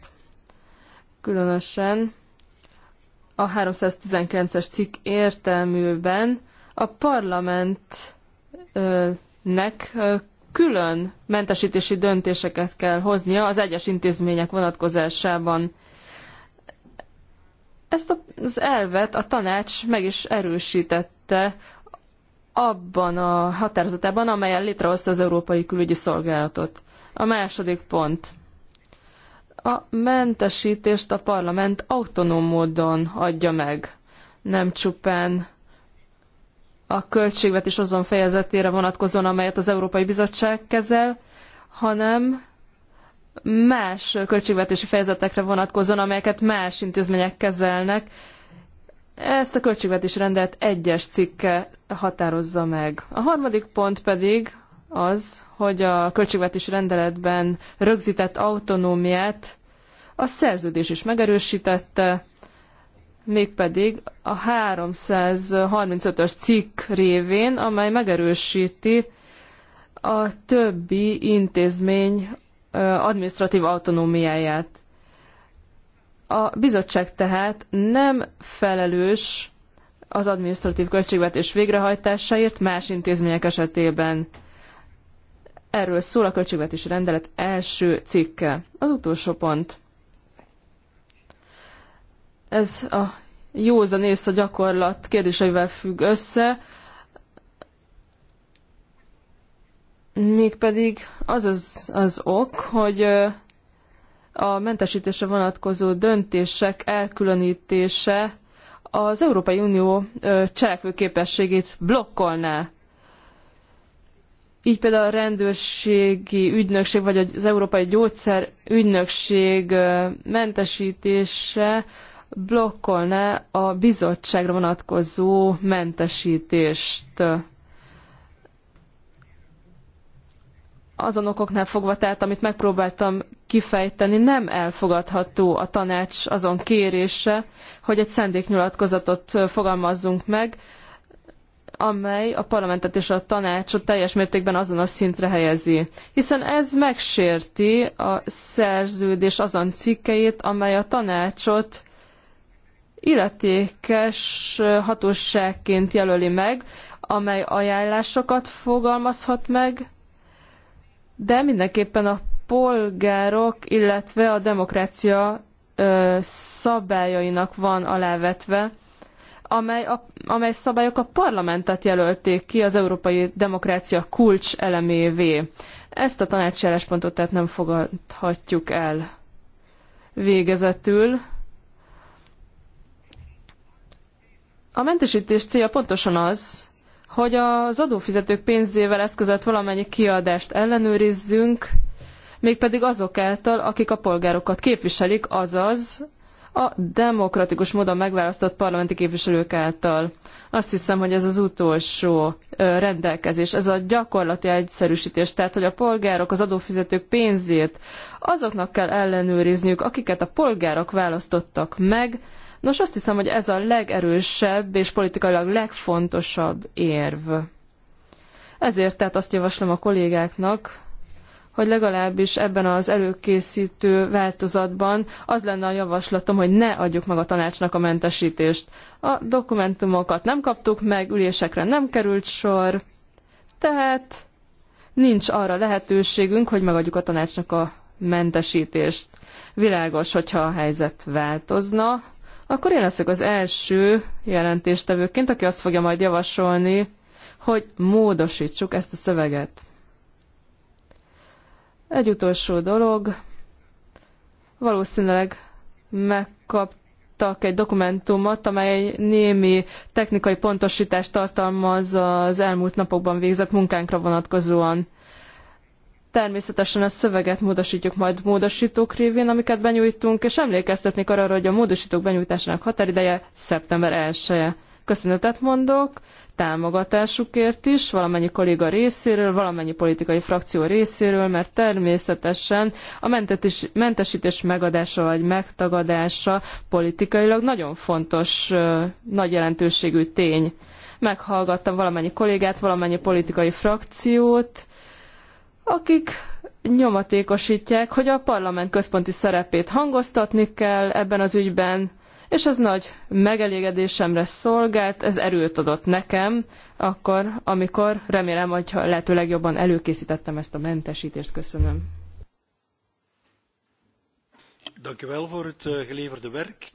Különösen a 319-es cikk értelműben a parlamentnek külön mentesítési döntéseket kell hoznia az egyes intézmények vonatkozásában. Ezt az elvet a tanács meg is erősítette abban a határozatában, amelyen létrehozta az Európai Külügyi Szolgálatot. A második pont. A mentesítést a parlament autonóm módon adja meg, nem csupán a költségvetés azon fejezetére vonatkozóan, amelyet az Európai Bizottság kezel, hanem más költségvetési fejezetekre vonatkozóan, amelyeket más intézmények kezelnek. Ezt a költségvetési rendelet egyes cikke határozza meg. A harmadik pont pedig az, hogy a költségvetési rendeletben rögzített autonómiát a szerződés is megerősítette, mégpedig a 335-ös cikk révén, amely megerősíti a többi intézmény administratív autonómiáját. A bizottság tehát nem felelős az administratív költségvetés végrehajtásáért más intézmények esetében. Erről szól a költségvetési rendelet első cikke. Az utolsó pont. Ez a józan ész a gyakorlat kérdéseivel függ össze. Mégpedig az az, az ok, hogy a mentesítésre vonatkozó döntések elkülönítése az Európai Unió cselekvőképességét blokkolná. Így például a rendőrségi ügynökség, vagy az Európai Gyógyszer ügynökség mentesítése blokkolná a bizottságra vonatkozó mentesítést. azon okoknál fogva, tehát amit megpróbáltam kifejteni, nem elfogadható a tanács azon kérése, hogy egy szándéknyilatkozatot fogalmazzunk meg, amely a parlamentet és a tanácsot teljes mértékben azonos szintre helyezi. Hiszen ez megsérti a szerződés azon cikkeit, amely a tanácsot illetékes hatóságként jelöli meg, amely ajánlásokat fogalmazhat meg, de mindenképpen a polgárok, illetve a demokrácia ö, szabályainak van alávetve, amely, a, amely szabályok a parlamentet jelölték ki az európai demokrácia kulcs elemévé. Ezt a tanácsi álláspontot tehát nem fogadhatjuk el végezetül. A mentesítés célja pontosan az, hogy az adófizetők pénzével eszközött valamennyi kiadást ellenőrizzünk, mégpedig azok által, akik a polgárokat képviselik, azaz a demokratikus módon megválasztott parlamenti képviselők által. Azt hiszem, hogy ez az utolsó rendelkezés, ez a gyakorlati egyszerűsítés, tehát hogy a polgárok, az adófizetők pénzét azoknak kell ellenőrizniük, akiket a polgárok választottak meg, Nos, azt hiszem, hogy ez a legerősebb és politikailag legfontosabb érv. Ezért tehát azt javaslom a kollégáknak, hogy legalábbis ebben az előkészítő változatban az lenne a javaslatom, hogy ne adjuk meg a tanácsnak a mentesítést. A dokumentumokat nem kaptuk meg, ülésekre nem került sor, tehát nincs arra lehetőségünk, hogy megadjuk a tanácsnak a mentesítést. Világos, hogyha a helyzet változna, akkor én leszek az első jelentéstevőként, aki azt fogja majd javasolni, hogy módosítsuk ezt a szöveget. Egy utolsó dolog, valószínűleg megkaptak egy dokumentumot, amely némi technikai pontosítást tartalmaz az elmúlt napokban végzett munkánkra vonatkozóan. Természetesen a szöveget módosítjuk majd módosítók révén, amiket benyújtunk, és emlékeztetnék arra, hogy a módosítók benyújtásának határideje szeptember 1 -e. Köszönetet mondok támogatásukért is, valamennyi kolléga részéről, valamennyi politikai frakció részéről, mert természetesen a mentetés, mentesítés megadása vagy megtagadása politikailag nagyon fontos, nagy jelentőségű tény. Meghallgattam valamennyi kollégát, valamennyi politikai frakciót, akik nyomatékosítják, hogy a parlament központi szerepét hangoztatni kell ebben az ügyben, és ez nagy megelégedésemre szolgált, ez erőt adott nekem, akkor, amikor remélem, hogy lehetőleg jobban előkészítettem ezt a mentesítést. Köszönöm. Eh,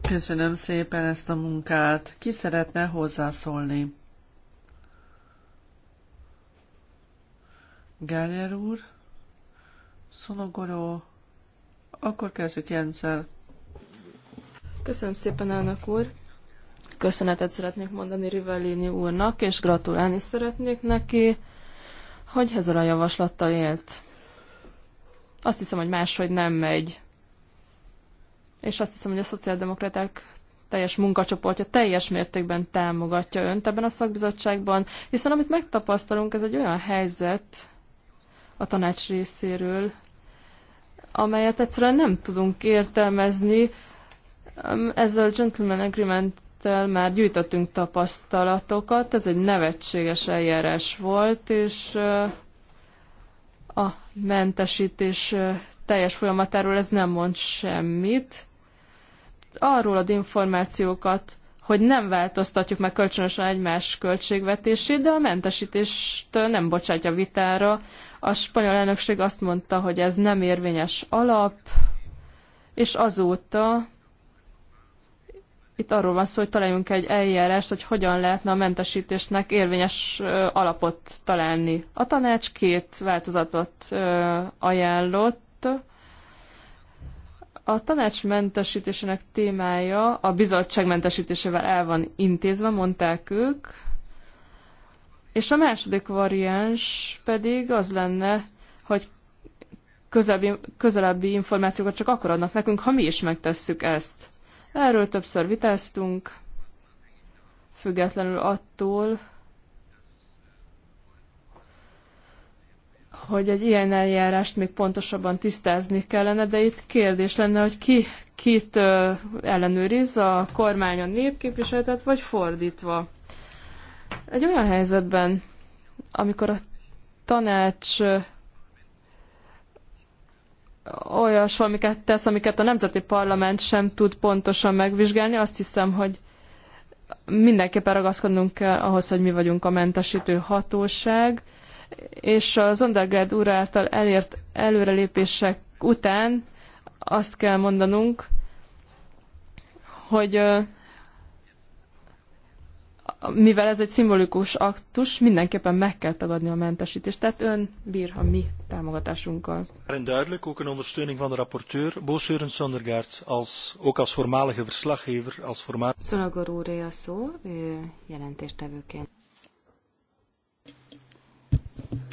Köszönöm szépen ezt a munkát. Ki szeretne hozzászólni? Geller úr, Szonogoró, akkor kezdjük Jenszel. Köszönöm szépen, elnök úr. Köszönetet szeretnék mondani Rivellini úrnak, és gratulálni szeretnék neki, hogy ezzel a javaslattal élt. Azt hiszem, hogy máshogy nem megy. És azt hiszem, hogy a szociáldemokraták teljes munkacsoportja teljes mértékben támogatja önt ebben a szakbizottságban, hiszen amit megtapasztalunk, ez egy olyan helyzet, a tanács részéről, amelyet egyszerűen nem tudunk értelmezni. Ezzel a Gentleman agreement már gyűjtöttünk tapasztalatokat, ez egy nevetséges eljárás volt, és a mentesítés teljes folyamatáról ez nem mond semmit. Arról ad információkat, hogy nem változtatjuk meg kölcsönösen egymás költségvetését, de a mentesítést nem bocsátja vitára, a spanyol elnökség azt mondta, hogy ez nem érvényes alap, és azóta itt arról van szó, hogy találjunk egy eljárást, hogy hogyan lehetne a mentesítésnek érvényes alapot találni. A tanács két változatot ajánlott. A tanács mentesítésének témája a bizottság mentesítésével el van intézve, mondták ők, és a második variáns pedig az lenne, hogy közelebbi, közelebbi információkat csak akkor adnak nekünk, ha mi is megtesszük ezt. Erről többször vitáztunk, függetlenül attól, hogy egy ilyen eljárást még pontosabban tisztázni kellene, de itt kérdés lenne, hogy ki, kit ellenőriz, a kormány a népképviseletet, vagy fordítva. Egy olyan helyzetben, amikor a tanács olyas, amiket tesz, amiket a Nemzeti Parlament sem tud pontosan megvizsgálni, azt hiszem, hogy mindenképpen ragaszkodnunk kell ahhoz, hogy mi vagyunk a mentesítő hatóság, és az Undergrad úr által elért előrelépések után azt kell mondanunk, hogy mivel ez egy szimbolikus aktus, mindenképpen meg kell tagadni a mentesítést. Tehát ön bír a mi támogatásunkkal. En duidelijk ook een ondersteuning van de rapporteur, Bo Søren Sondergaard, als, ook als voormalige verslaggever, als voormalig... Szonagor úr, a szó, ő jelentéstevőként.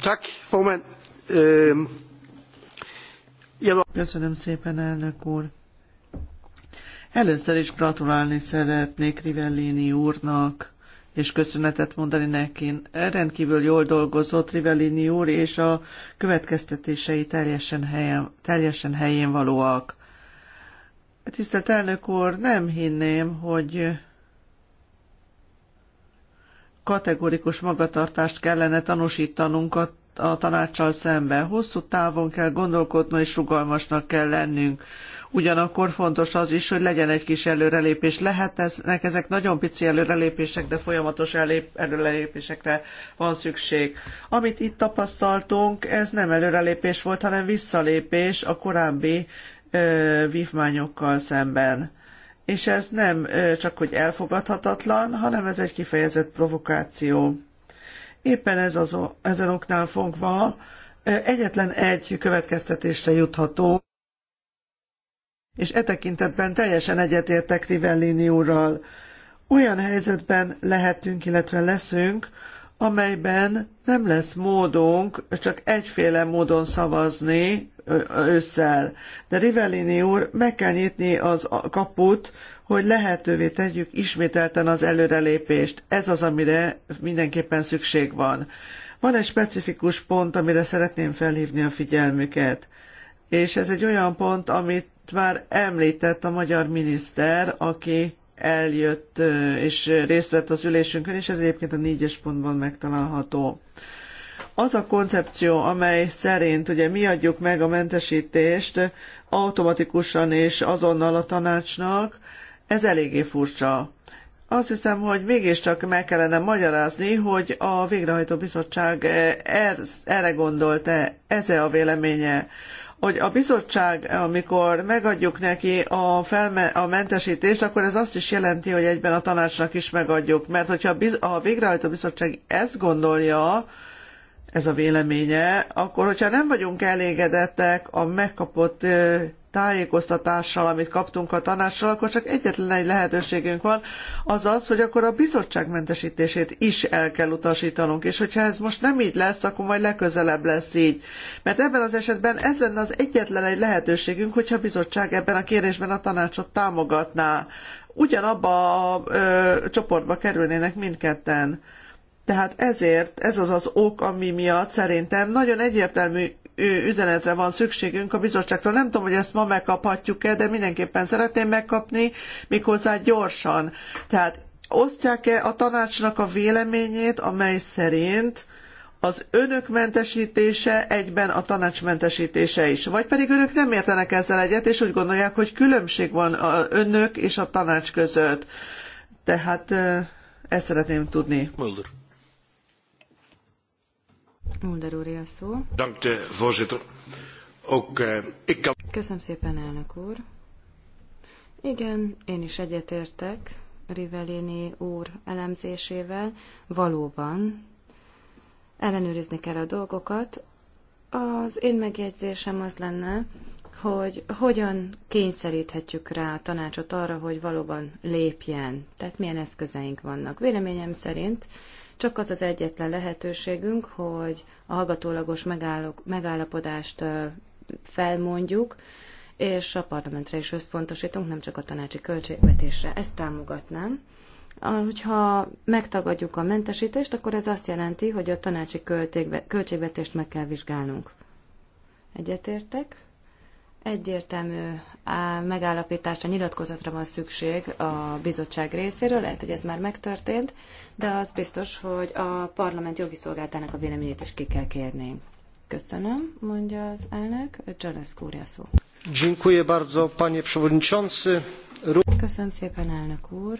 Tak, formand. Ehm, Köszönöm szépen, elnök úr. Először is gratulálni szeretnék Rivellini úrnak és köszönetet mondani neki. Rendkívül jól dolgozott Rivellini úr, és a következtetései teljesen helyen, teljesen helyén valóak. Tisztelt elnök úr, nem hinném, hogy kategorikus magatartást kellene tanúsítanunk a, a tanácssal szemben. Hosszú távon kell gondolkodnunk és rugalmasnak kell lennünk. Ugyanakkor fontos az is, hogy legyen egy kis előrelépés. Lehetnek ezek nagyon pici előrelépések, de folyamatos elép, előrelépésekre van szükség. Amit itt tapasztaltunk, ez nem előrelépés volt, hanem visszalépés a korábbi ö, vívmányokkal szemben. És ez nem ö, csak, hogy elfogadhatatlan, hanem ez egy kifejezett provokáció. Éppen ez az, ezen oknál fogva egyetlen egy következtetésre juthatunk és e tekintetben teljesen egyetértek Rivellini úrral. Olyan helyzetben lehetünk, illetve leszünk, amelyben nem lesz módunk csak egyféle módon szavazni ősszel. De Rivellini úr, meg kell nyitni az kaput, hogy lehetővé tegyük ismételten az előrelépést. Ez az, amire mindenképpen szükség van. Van egy specifikus pont, amire szeretném felhívni a figyelmüket. És ez egy olyan pont, amit már említett a magyar miniszter, aki eljött és részt vett az ülésünkön, és ez egyébként a négyes pontban megtalálható. Az a koncepció, amely szerint ugye mi adjuk meg a mentesítést automatikusan és azonnal a tanácsnak, ez eléggé furcsa. Azt hiszem, hogy mégiscsak meg kellene magyarázni, hogy a végrehajtó bizottság e, erre gondolt-e, ez -e a véleménye hogy a bizottság, amikor megadjuk neki a, felme, a mentesítést, akkor ez azt is jelenti, hogy egyben a tanácsnak is megadjuk. Mert hogyha a, a végrehajtó bizottság ezt gondolja, ez a véleménye, akkor hogyha nem vagyunk elégedettek a megkapott tájékoztatással, amit kaptunk a tanácssal, akkor csak egyetlen egy lehetőségünk van, az az, hogy akkor a bizottság mentesítését is el kell utasítanunk, és hogyha ez most nem így lesz, akkor majd legközelebb lesz így. Mert ebben az esetben ez lenne az egyetlen egy lehetőségünk, hogyha a bizottság ebben a kérdésben a tanácsot támogatná. Ugyanabba a ö, csoportba kerülnének mindketten. Tehát ezért ez az az ok, ami miatt szerintem nagyon egyértelmű üzenetre van szükségünk a bizottságtól. Nem tudom, hogy ezt ma megkaphatjuk-e, de mindenképpen szeretném megkapni, méghozzá gyorsan. Tehát osztják-e a tanácsnak a véleményét, amely szerint az önök mentesítése egyben a tanács mentesítése is. Vagy pedig önök nem értenek ezzel egyet, és úgy gondolják, hogy különbség van a önök és a tanács között. Tehát ezt szeretném tudni. Mulder. Eh, eh, Köszönöm szépen, elnök úr. Igen, én is egyetértek Rivellini úr elemzésével. Valóban ellenőrizni kell a dolgokat. Az én megjegyzésem az lenne, hogy hogyan kényszeríthetjük rá a tanácsot arra, hogy valóban lépjen. Tehát milyen eszközeink vannak. Véleményem szerint csak az az egyetlen lehetőségünk, hogy a hallgatólagos megállapodást felmondjuk, és a parlamentre is összpontosítunk, nem csak a tanácsi költségvetésre. Ezt támogatnám. ha megtagadjuk a mentesítést, akkor ez azt jelenti, hogy a tanácsi költségvetést meg kell vizsgálnunk. Egyetértek? egyértelmű megállapításra, nyilatkozatra van szükség a bizottság részéről, lehet, hogy ez már megtörtént, de az biztos, hogy a parlament jogi szolgáltának a véleményét is ki kell kérni. Köszönöm, mondja az elnök. Jonas Kúria szó. Dziękuję bardzo, panie przewodniczący. Köszönöm szépen, elnök úr.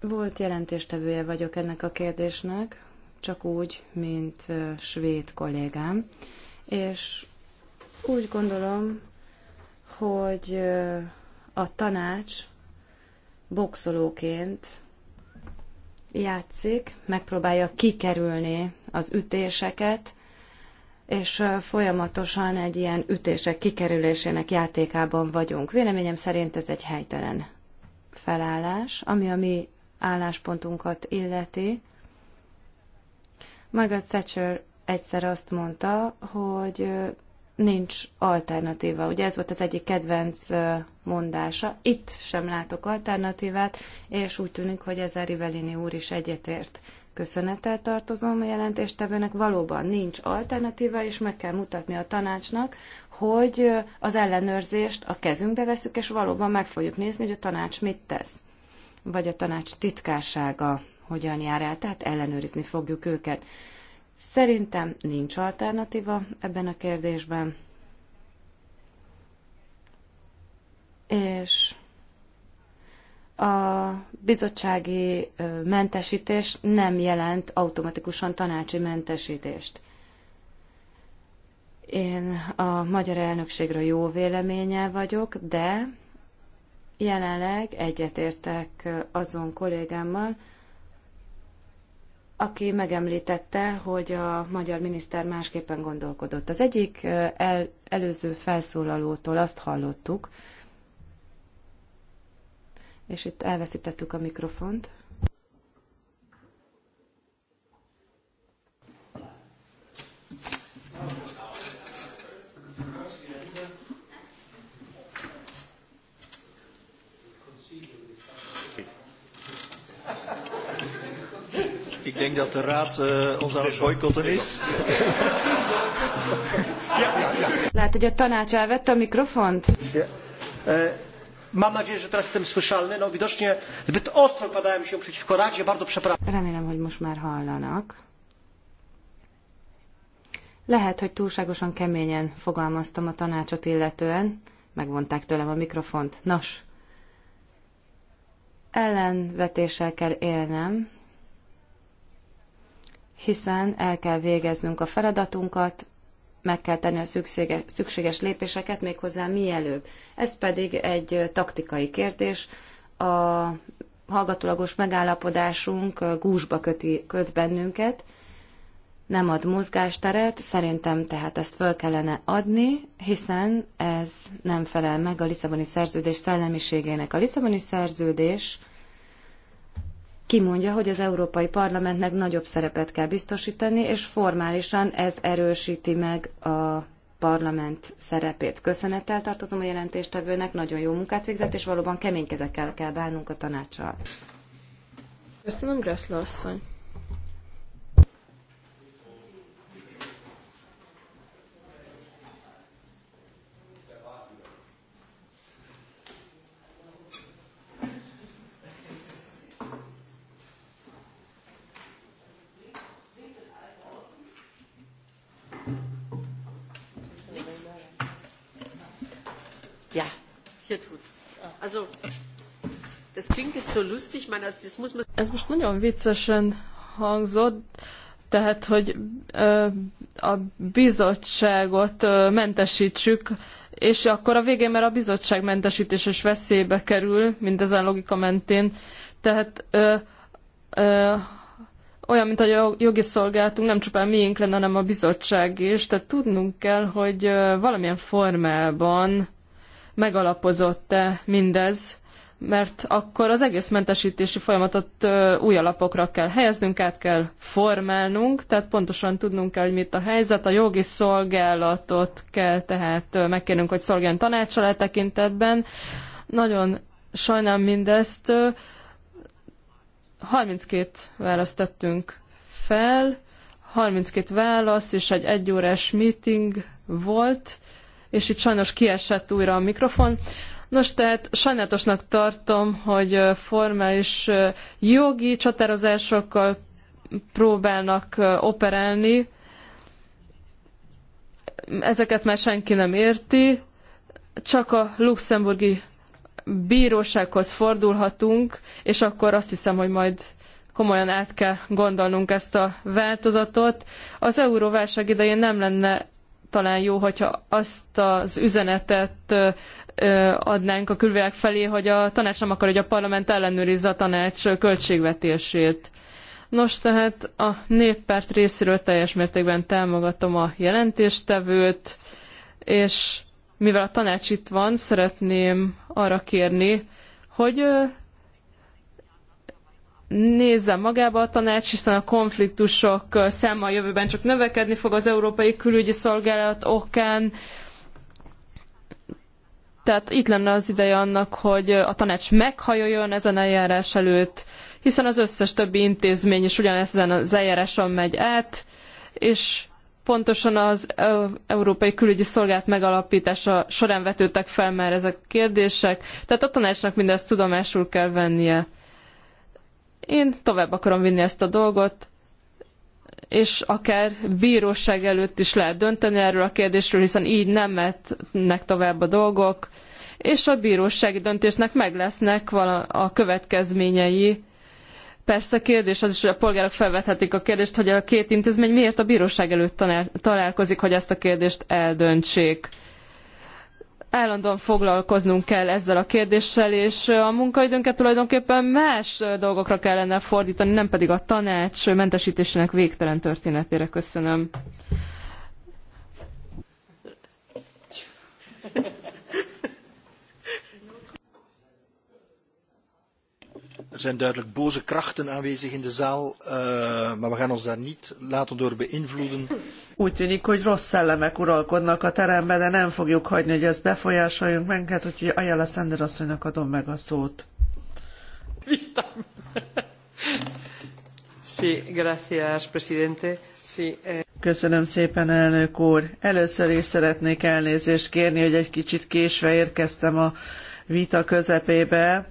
Volt jelentéstevője vagyok ennek a kérdésnek, csak úgy, mint svéd kollégám és úgy gondolom, hogy a tanács boxolóként játszik, megpróbálja kikerülni az ütéseket, és folyamatosan egy ilyen ütések kikerülésének játékában vagyunk. Véleményem szerint ez egy helytelen felállás, ami a mi álláspontunkat illeti. Margaret Thatcher egyszer azt mondta, hogy nincs alternatíva. Ugye ez volt az egyik kedvenc mondása. Itt sem látok alternatívát, és úgy tűnik, hogy ez Rivellini úr is egyetért. Köszönettel tartozom a jelentéstevőnek, valóban nincs alternatíva, és meg kell mutatni a tanácsnak, hogy az ellenőrzést a kezünkbe veszük, és valóban meg fogjuk nézni, hogy a tanács mit tesz. Vagy a tanács titkársága hogyan jár el, tehát ellenőrizni fogjuk őket. Szerintem nincs alternatíva ebben a kérdésben. És a bizottsági mentesítés nem jelent automatikusan tanácsi mentesítést. Én a magyar elnökségről jó véleménye vagyok, de jelenleg egyetértek azon kollégámmal, aki megemlítette, hogy a magyar miniszter másképpen gondolkodott. Az egyik el, előző felszólalótól azt hallottuk, és itt elveszítettük a mikrofont. denk dat de Raad uh, eh, ons aan het boycotten is. ja, ja, ja. Laat je a tanács elvette a mikrofont. E, mam nadzieję, że teraz jestem słyszalny. No widocznie zbyt ostro padałem się przeciwko Radzie. Bardzo przepraszam. Remélem, hogy most már hallanak. Lehet, hogy túlságosan keményen fogalmaztam a tanácsot illetően. Megvonták tőlem a mikrofont. Nos, ellenvetéssel kell élnem, hiszen el kell végeznünk a feladatunkat, meg kell tenni a szükséges, szükséges lépéseket méghozzá mielőbb. Ez pedig egy taktikai kérdés. A hallgatólagos megállapodásunk gúzsba köti, köt bennünket, nem ad mozgásteret, szerintem tehát ezt föl kellene adni, hiszen ez nem felel meg a Lisszaboni szerződés szellemiségének. A Lisszaboni szerződés kimondja, hogy az Európai Parlamentnek nagyobb szerepet kell biztosítani, és formálisan ez erősíti meg a parlament szerepét. Köszönettel tartozom a jelentéstevőnek, nagyon jó munkát végzett, és valóban kemény kezekkel kell bánnunk a tanácssal. Köszönöm, Greszla asszony. Also, das klingt jetzt so lustig, das muss man... Ez most nagyon viccesen hangzott, tehát, hogy ö, a bizottságot ö, mentesítsük, és akkor a végén már a bizottság mentesítés is veszélybe kerül, mindezen logika mentén. Tehát ö, ö, olyan, mint a jogi szolgálatunk nem csupán miénk lenne, hanem a bizottság is. Tehát tudnunk kell, hogy valamilyen formában megalapozott-e mindez, mert akkor az egész mentesítési folyamatot új alapokra kell helyeznünk, át kell formálnunk, tehát pontosan tudnunk kell, hogy mit a helyzet. A jogi szolgálatot kell tehát megkérnünk, hogy szolgáljon tanácsal e tekintetben. Nagyon sajnálom mindezt. 32 választettünk fel, 32 válasz és egy egyórás meeting volt és itt sajnos kiesett újra a mikrofon. Nos, tehát sajnálatosnak tartom, hogy formális jogi csatározásokkal próbálnak operálni. Ezeket már senki nem érti, csak a luxemburgi bírósághoz fordulhatunk, és akkor azt hiszem, hogy majd komolyan át kell gondolnunk ezt a változatot. Az euróválság idején nem lenne talán jó, hogyha azt az üzenetet adnánk a külvilág felé, hogy a tanács nem akar, hogy a parlament ellenőrizze a tanács költségvetését. Nos, tehát a néppárt részéről teljes mértékben támogatom a jelentéstevőt, és mivel a tanács itt van, szeretném arra kérni, hogy nézze magába a tanács, hiszen a konfliktusok száma a jövőben csak növekedni fog az Európai Külügyi Szolgálat okán. Tehát itt lenne az ideje annak, hogy a tanács meghajoljon ezen eljárás előtt, hiszen az összes többi intézmény is ugyanezen az eljáráson megy át, és pontosan az Európai Külügyi Szolgált megalapítása során vetődtek fel már ezek a kérdések, tehát a tanácsnak mindezt tudomásul kell vennie. Én tovább akarom vinni ezt a dolgot, és akár bíróság előtt is lehet dönteni erről a kérdésről, hiszen így nem mehetnek tovább a dolgok, és a bírósági döntésnek meg lesznek a következményei. Persze kérdés az is, hogy a polgárok felvethetik a kérdést, hogy a két intézmény miért a bíróság előtt találkozik, hogy ezt a kérdést eldöntsék állandóan foglalkoznunk kell ezzel a kérdéssel, és a munkaidőnket tulajdonképpen más dolgokra kellene fordítani, nem pedig a tanács mentesítésének végtelen történetére. Köszönöm. Er zijn duidelijk boze krachten aanwezig in de zaal, uh, maar we gaan ons daar niet laten door beïnvloeden. Úgy tűnik, hogy rossz szellemek uralkodnak a teremben, de nem fogjuk hagyni, hogy ez befolyásoljunk minket, úgyhogy Ajala Szender asszonynak adom meg a szót. Visztam! (laughs) sí, gracias, presidente. Sí, eh... Köszönöm szépen, elnök úr. Először is szeretnék elnézést kérni, hogy egy kicsit késve érkeztem a vita közepébe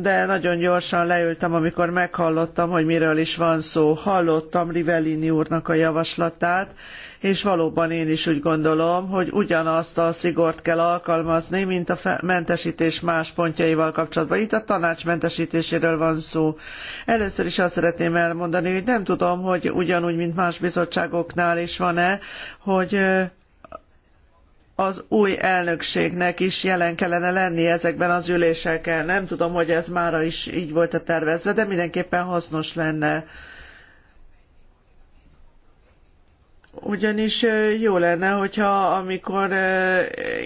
de nagyon gyorsan leültem, amikor meghallottam, hogy miről is van szó. Hallottam Rivellini úrnak a javaslatát, és valóban én is úgy gondolom, hogy ugyanazt a szigort kell alkalmazni, mint a mentesítés más pontjaival kapcsolatban. Itt a tanács mentesítéséről van szó. Először is azt szeretném elmondani, hogy nem tudom, hogy ugyanúgy, mint más bizottságoknál is van-e, hogy az új elnökségnek is jelen kellene lenni ezekben az üléseken. Nem tudom, hogy ez mára is így volt-e tervezve, de mindenképpen hasznos lenne. Ugyanis jó lenne, hogyha amikor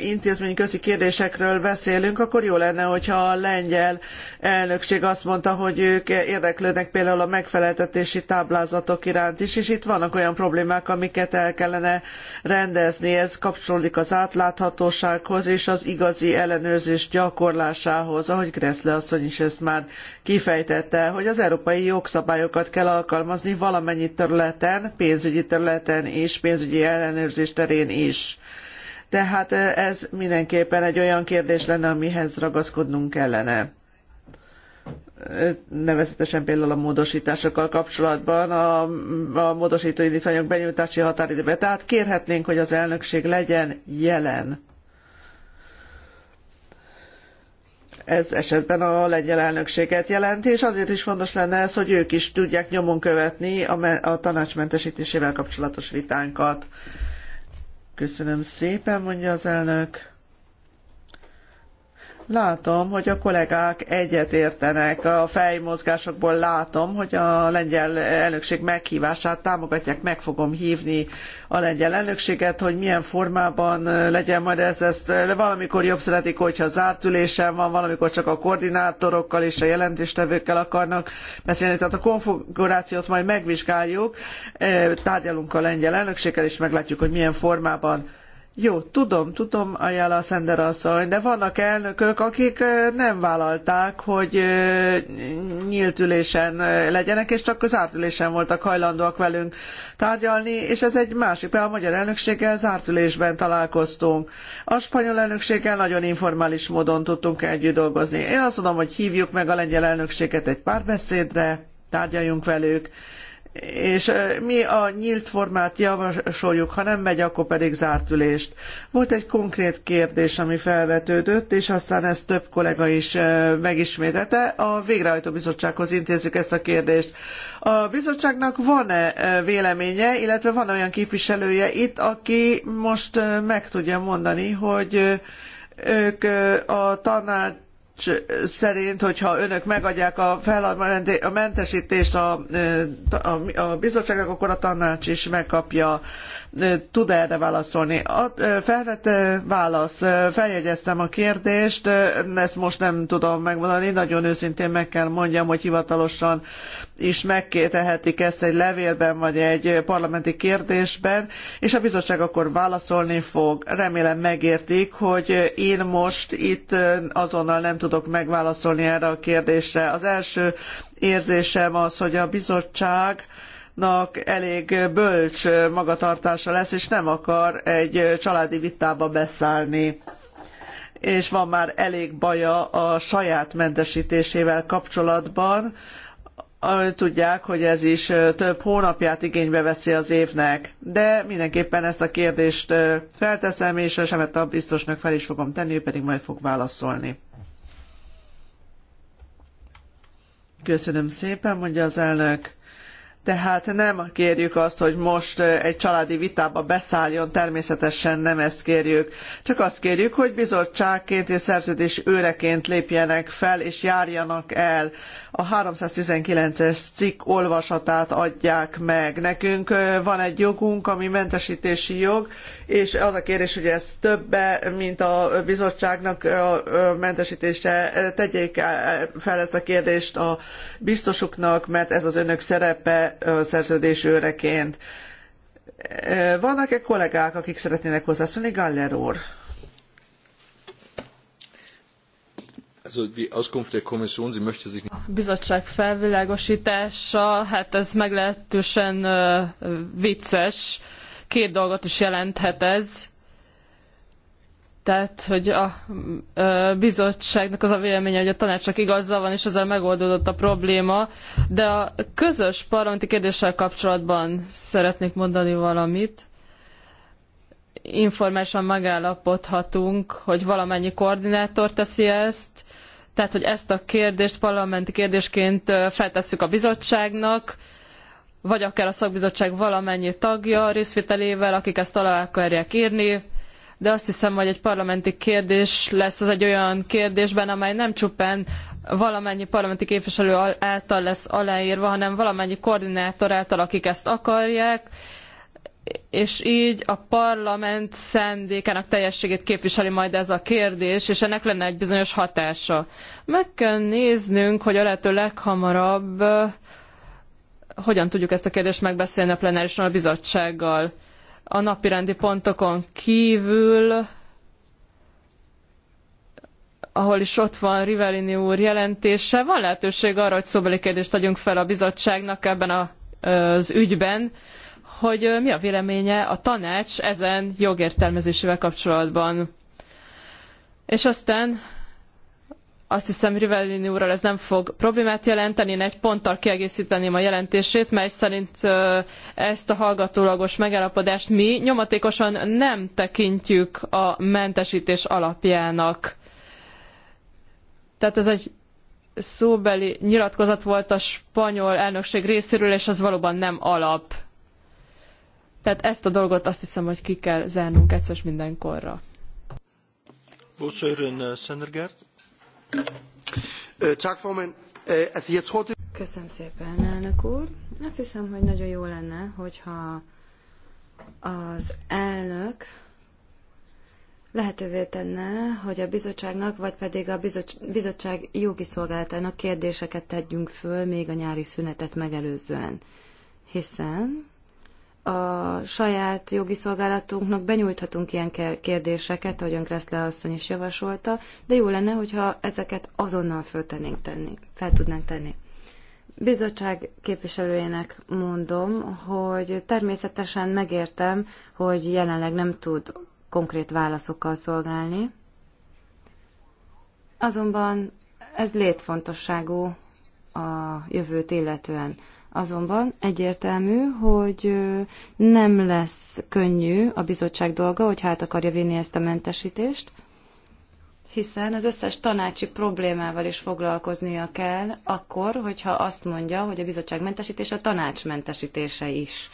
intézményközi kérdésekről beszélünk, akkor jó lenne, hogyha a lengyel elnökség azt mondta, hogy ők érdeklődnek például a megfeleltetési táblázatok iránt is, és itt vannak olyan problémák, amiket el kellene rendezni. Ez kapcsolódik az átláthatósághoz és az igazi ellenőrzés gyakorlásához, ahogy Gressle asszony is ezt már kifejtette, hogy az európai jogszabályokat kell alkalmazni valamennyi területen, pénzügyi területen is, pénzügyi ellenőrzés terén is. Tehát ez mindenképpen egy olyan kérdés lenne, amihez ragaszkodnunk kellene nevezetesen például a módosításokkal kapcsolatban a, a módosító indítványok benyújtási határidőbe. Tehát kérhetnénk, hogy az elnökség legyen jelen ez esetben a lengyel elnökséget jelenti, és azért is fontos lenne ez, hogy ők is tudják nyomon követni a, a tanácsmentesítésével kapcsolatos vitánkat. Köszönöm szépen, mondja az elnök. Látom, hogy a kollégák egyetértenek. A fejmozgásokból látom, hogy a lengyel elnökség meghívását támogatják, meg fogom hívni a lengyel elnökséget, hogy milyen formában legyen majd ez, ezt valamikor jobb szeretik, hogyha zárt ülésen van, valamikor csak a koordinátorokkal és a jelentéstevőkkel akarnak beszélni. Tehát a konfigurációt majd megvizsgáljuk, tárgyalunk a lengyel elnökséggel, és meglátjuk, hogy milyen formában jó, tudom, tudom, Ajala Szender asszony, de vannak elnökök, akik nem vállalták, hogy nyílt ülésen legyenek, és csak zárt ülésen voltak hajlandóak velünk tárgyalni, és ez egy másik. Például a magyar elnökséggel zárt ülésben találkoztunk. A spanyol elnökséggel nagyon informális módon tudtunk együtt dolgozni. Én azt mondom, hogy hívjuk meg a lengyel elnökséget egy párbeszédre, tárgyaljunk velük, és mi a nyílt formát javasoljuk, ha nem megy, akkor pedig zárt ülést. Volt egy konkrét kérdés, ami felvetődött, és aztán ezt több kollega is megismételte. A végrehajtó bizottsághoz intézzük ezt a kérdést. A bizottságnak van-e véleménye, illetve van olyan képviselője itt, aki most meg tudja mondani, hogy ők a tanács szerint, hogyha önök megadják a, a mentesítést a, a, a bizottságnak, akkor a tanács is megkapja tud erre válaszolni. A felvett válasz, feljegyeztem a kérdést, ezt most nem tudom megmondani, nagyon őszintén meg kell mondjam, hogy hivatalosan is megtehetik ezt egy levélben vagy egy parlamenti kérdésben, és a bizottság akkor válaszolni fog. Remélem megértik, hogy én most itt azonnal nem tudok megválaszolni erre a kérdésre. Az első érzésem az, hogy a bizottság nak elég bölcs magatartása lesz, és nem akar egy családi vitába beszállni és van már elég baja a saját mentesítésével kapcsolatban. Tudják, hogy ez is több hónapját igénybe veszi az évnek. De mindenképpen ezt a kérdést felteszem, és Semet a biztosnak fel is fogom tenni, ő pedig majd fog válaszolni. Köszönöm szépen, mondja az elnök. Tehát nem kérjük azt, hogy most eh, egy családi vitába beszálljon, természetesen nem ezt kérjük. Csak azt kérjük, hogy bizottságként és szerződés őreként lépjenek fel és járjanak el. A 319-es cikk olvasatát adják meg. Nekünk eh, van egy jogunk, ami mentesítési jog, és az a kérdés, hogy ez többe, mint a bizottságnak eh, a mentesítése. Tegyék fel ezt a kérdést a biztosuknak, mert ez az önök szerepe szerződés őreként. Vannak-e kollégák, akik szeretnének hozzászólni? Galler úr. A bizottság felvilágosítása, hát ez meglehetősen vicces. Két dolgot is jelenthet ez tehát, hogy a bizottságnak az a véleménye, hogy a tanács csak igazza van, és ezzel megoldódott a probléma, de a közös parlamenti kérdéssel kapcsolatban szeretnék mondani valamit. Informálisan megállapodhatunk, hogy valamennyi koordinátor teszi ezt, tehát, hogy ezt a kérdést parlamenti kérdésként feltesszük a bizottságnak, vagy akár a szakbizottság valamennyi tagja részvételével, akik ezt alá akarják írni, de azt hiszem, hogy egy parlamenti kérdés lesz az egy olyan kérdésben, amely nem csupán valamennyi parlamenti képviselő által lesz aláírva, hanem valamennyi koordinátor által, akik ezt akarják, és így a parlament szándékának teljességét képviseli majd ez a kérdés, és ennek lenne egy bizonyos hatása. Meg kell néznünk, hogy a lehető leghamarabb eh, hogyan tudjuk ezt a kérdést megbeszélni a plenárison a bizottsággal a napirendi pontokon kívül, ahol is ott van Rivellini úr jelentése, van lehetőség arra, hogy szóbeli kérdést adjunk fel a bizottságnak ebben az ügyben, hogy mi a véleménye a tanács ezen jogértelmezésével kapcsolatban. És aztán azt hiszem Rivellini úrral ez nem fog problémát jelenteni. Én egy ponttal kiegészíteném a jelentését, mely szerint ezt a hallgatólagos megállapodást mi nyomatékosan nem tekintjük a mentesítés alapjának. Tehát ez egy szóbeli nyilatkozat volt a spanyol elnökség részéről, és az valóban nem alap. Tehát ezt a dolgot azt hiszem, hogy ki kell zárnunk egyszer mindenkorra. Bosszőrön Köszönöm szépen, elnök úr. Azt hiszem, hogy nagyon jó lenne, hogyha az elnök lehetővé tenne, hogy a bizottságnak, vagy pedig a bizottság jogi szolgálatának kérdéseket tegyünk föl még a nyári szünetet megelőzően. Hiszen a saját jogi szolgálatunknak benyújthatunk ilyen kérdéseket, ahogyan Kreszle asszony is javasolta, de jó lenne, hogyha ezeket azonnal föltennénk tenni, fel tudnánk tenni. Bizottság képviselőjének mondom, hogy természetesen megértem, hogy jelenleg nem tud konkrét válaszokkal szolgálni, azonban ez létfontosságú a jövőt illetően. Azonban egyértelmű, hogy nem lesz könnyű a bizottság dolga, hogy hát akarja vinni ezt a mentesítést, hiszen az összes tanácsi problémával is foglalkoznia kell akkor, hogyha azt mondja, hogy a bizottság mentesítése a tanács mentesítése is.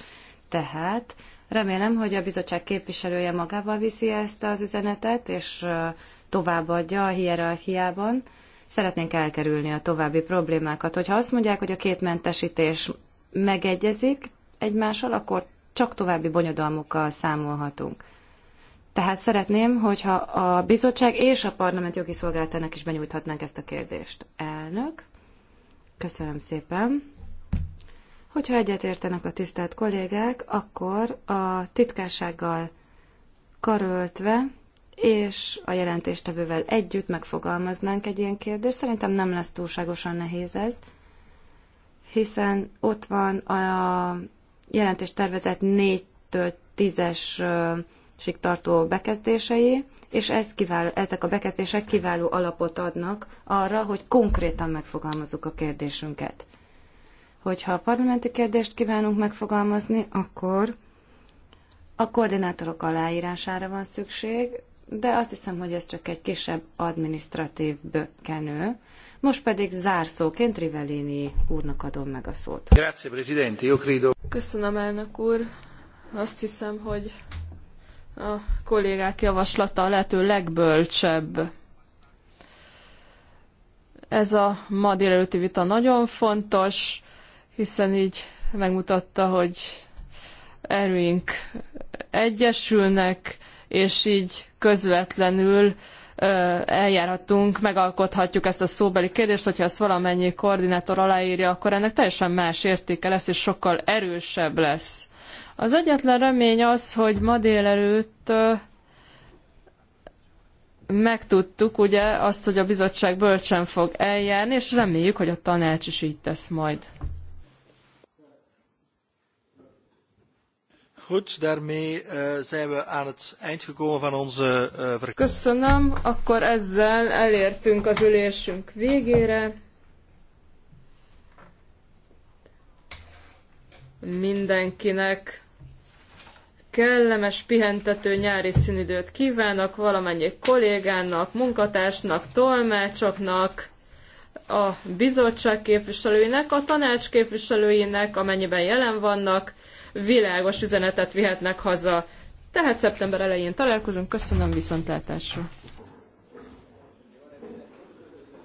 Tehát remélem, hogy a bizottság képviselője magával viszi ezt az üzenetet, és továbbadja a hierarchiában, Szeretnénk elkerülni a további problémákat. Hogyha azt mondják, hogy a két mentesítés megegyezik egymással, akkor csak további bonyodalmukkal számolhatunk. Tehát szeretném, hogyha a bizottság és a parlament jogi szolgáltának is benyújthatnánk ezt a kérdést. Elnök, köszönöm szépen. Hogyha egyetértenek a tisztelt kollégák, akkor a titkársággal karöltve és a jelentéstevővel együtt megfogalmaznánk egy ilyen kérdést. Szerintem nem lesz túlságosan nehéz ez, hiszen ott van a jelentéstervezet 4-től 10-esig tartó bekezdései, és ez kiváló, ezek a bekezdések kiváló alapot adnak arra, hogy konkrétan megfogalmazzuk a kérdésünket. Hogyha a parlamenti kérdést kívánunk megfogalmazni, akkor a koordinátorok aláírására van szükség, de azt hiszem, hogy ez csak egy kisebb administratív bökkenő. Most pedig zárszóként Rivellini úrnak adom meg a szót. Grazie, Presidente, io credo. Köszönöm, elnök úr. Azt hiszem, hogy a kollégák javaslata a lehető legbölcsebb. Ez a ma délelőtti vita nagyon fontos, hiszen így megmutatta, hogy erőink egyesülnek, és így közvetlenül eljárhatunk, megalkothatjuk ezt a szóbeli kérdést, hogyha ezt valamennyi koordinátor aláírja, akkor ennek teljesen más értéke lesz, és sokkal erősebb lesz. Az egyetlen remény az, hogy ma délelőtt megtudtuk ugye azt, hogy a bizottság bölcsen fog eljárni, és reméljük, hogy a tanács is így tesz majd. Goed, daarmee uh, zijn we aan het eind gekomen van onze uh, Köszönöm, akkor ezzel elértünk az ülésünk végére. Mindenkinek kellemes, pihentető nyári szünidőt kívánok valamennyi kollégának, munkatársnak, tolmácsoknak, a bizottság képviselőinek, a tanács képviselőinek, amennyiben jelen vannak, világos üzenetet vihetnek haza. Tehát szeptember elején találkozunk, köszönöm viszontlátásra!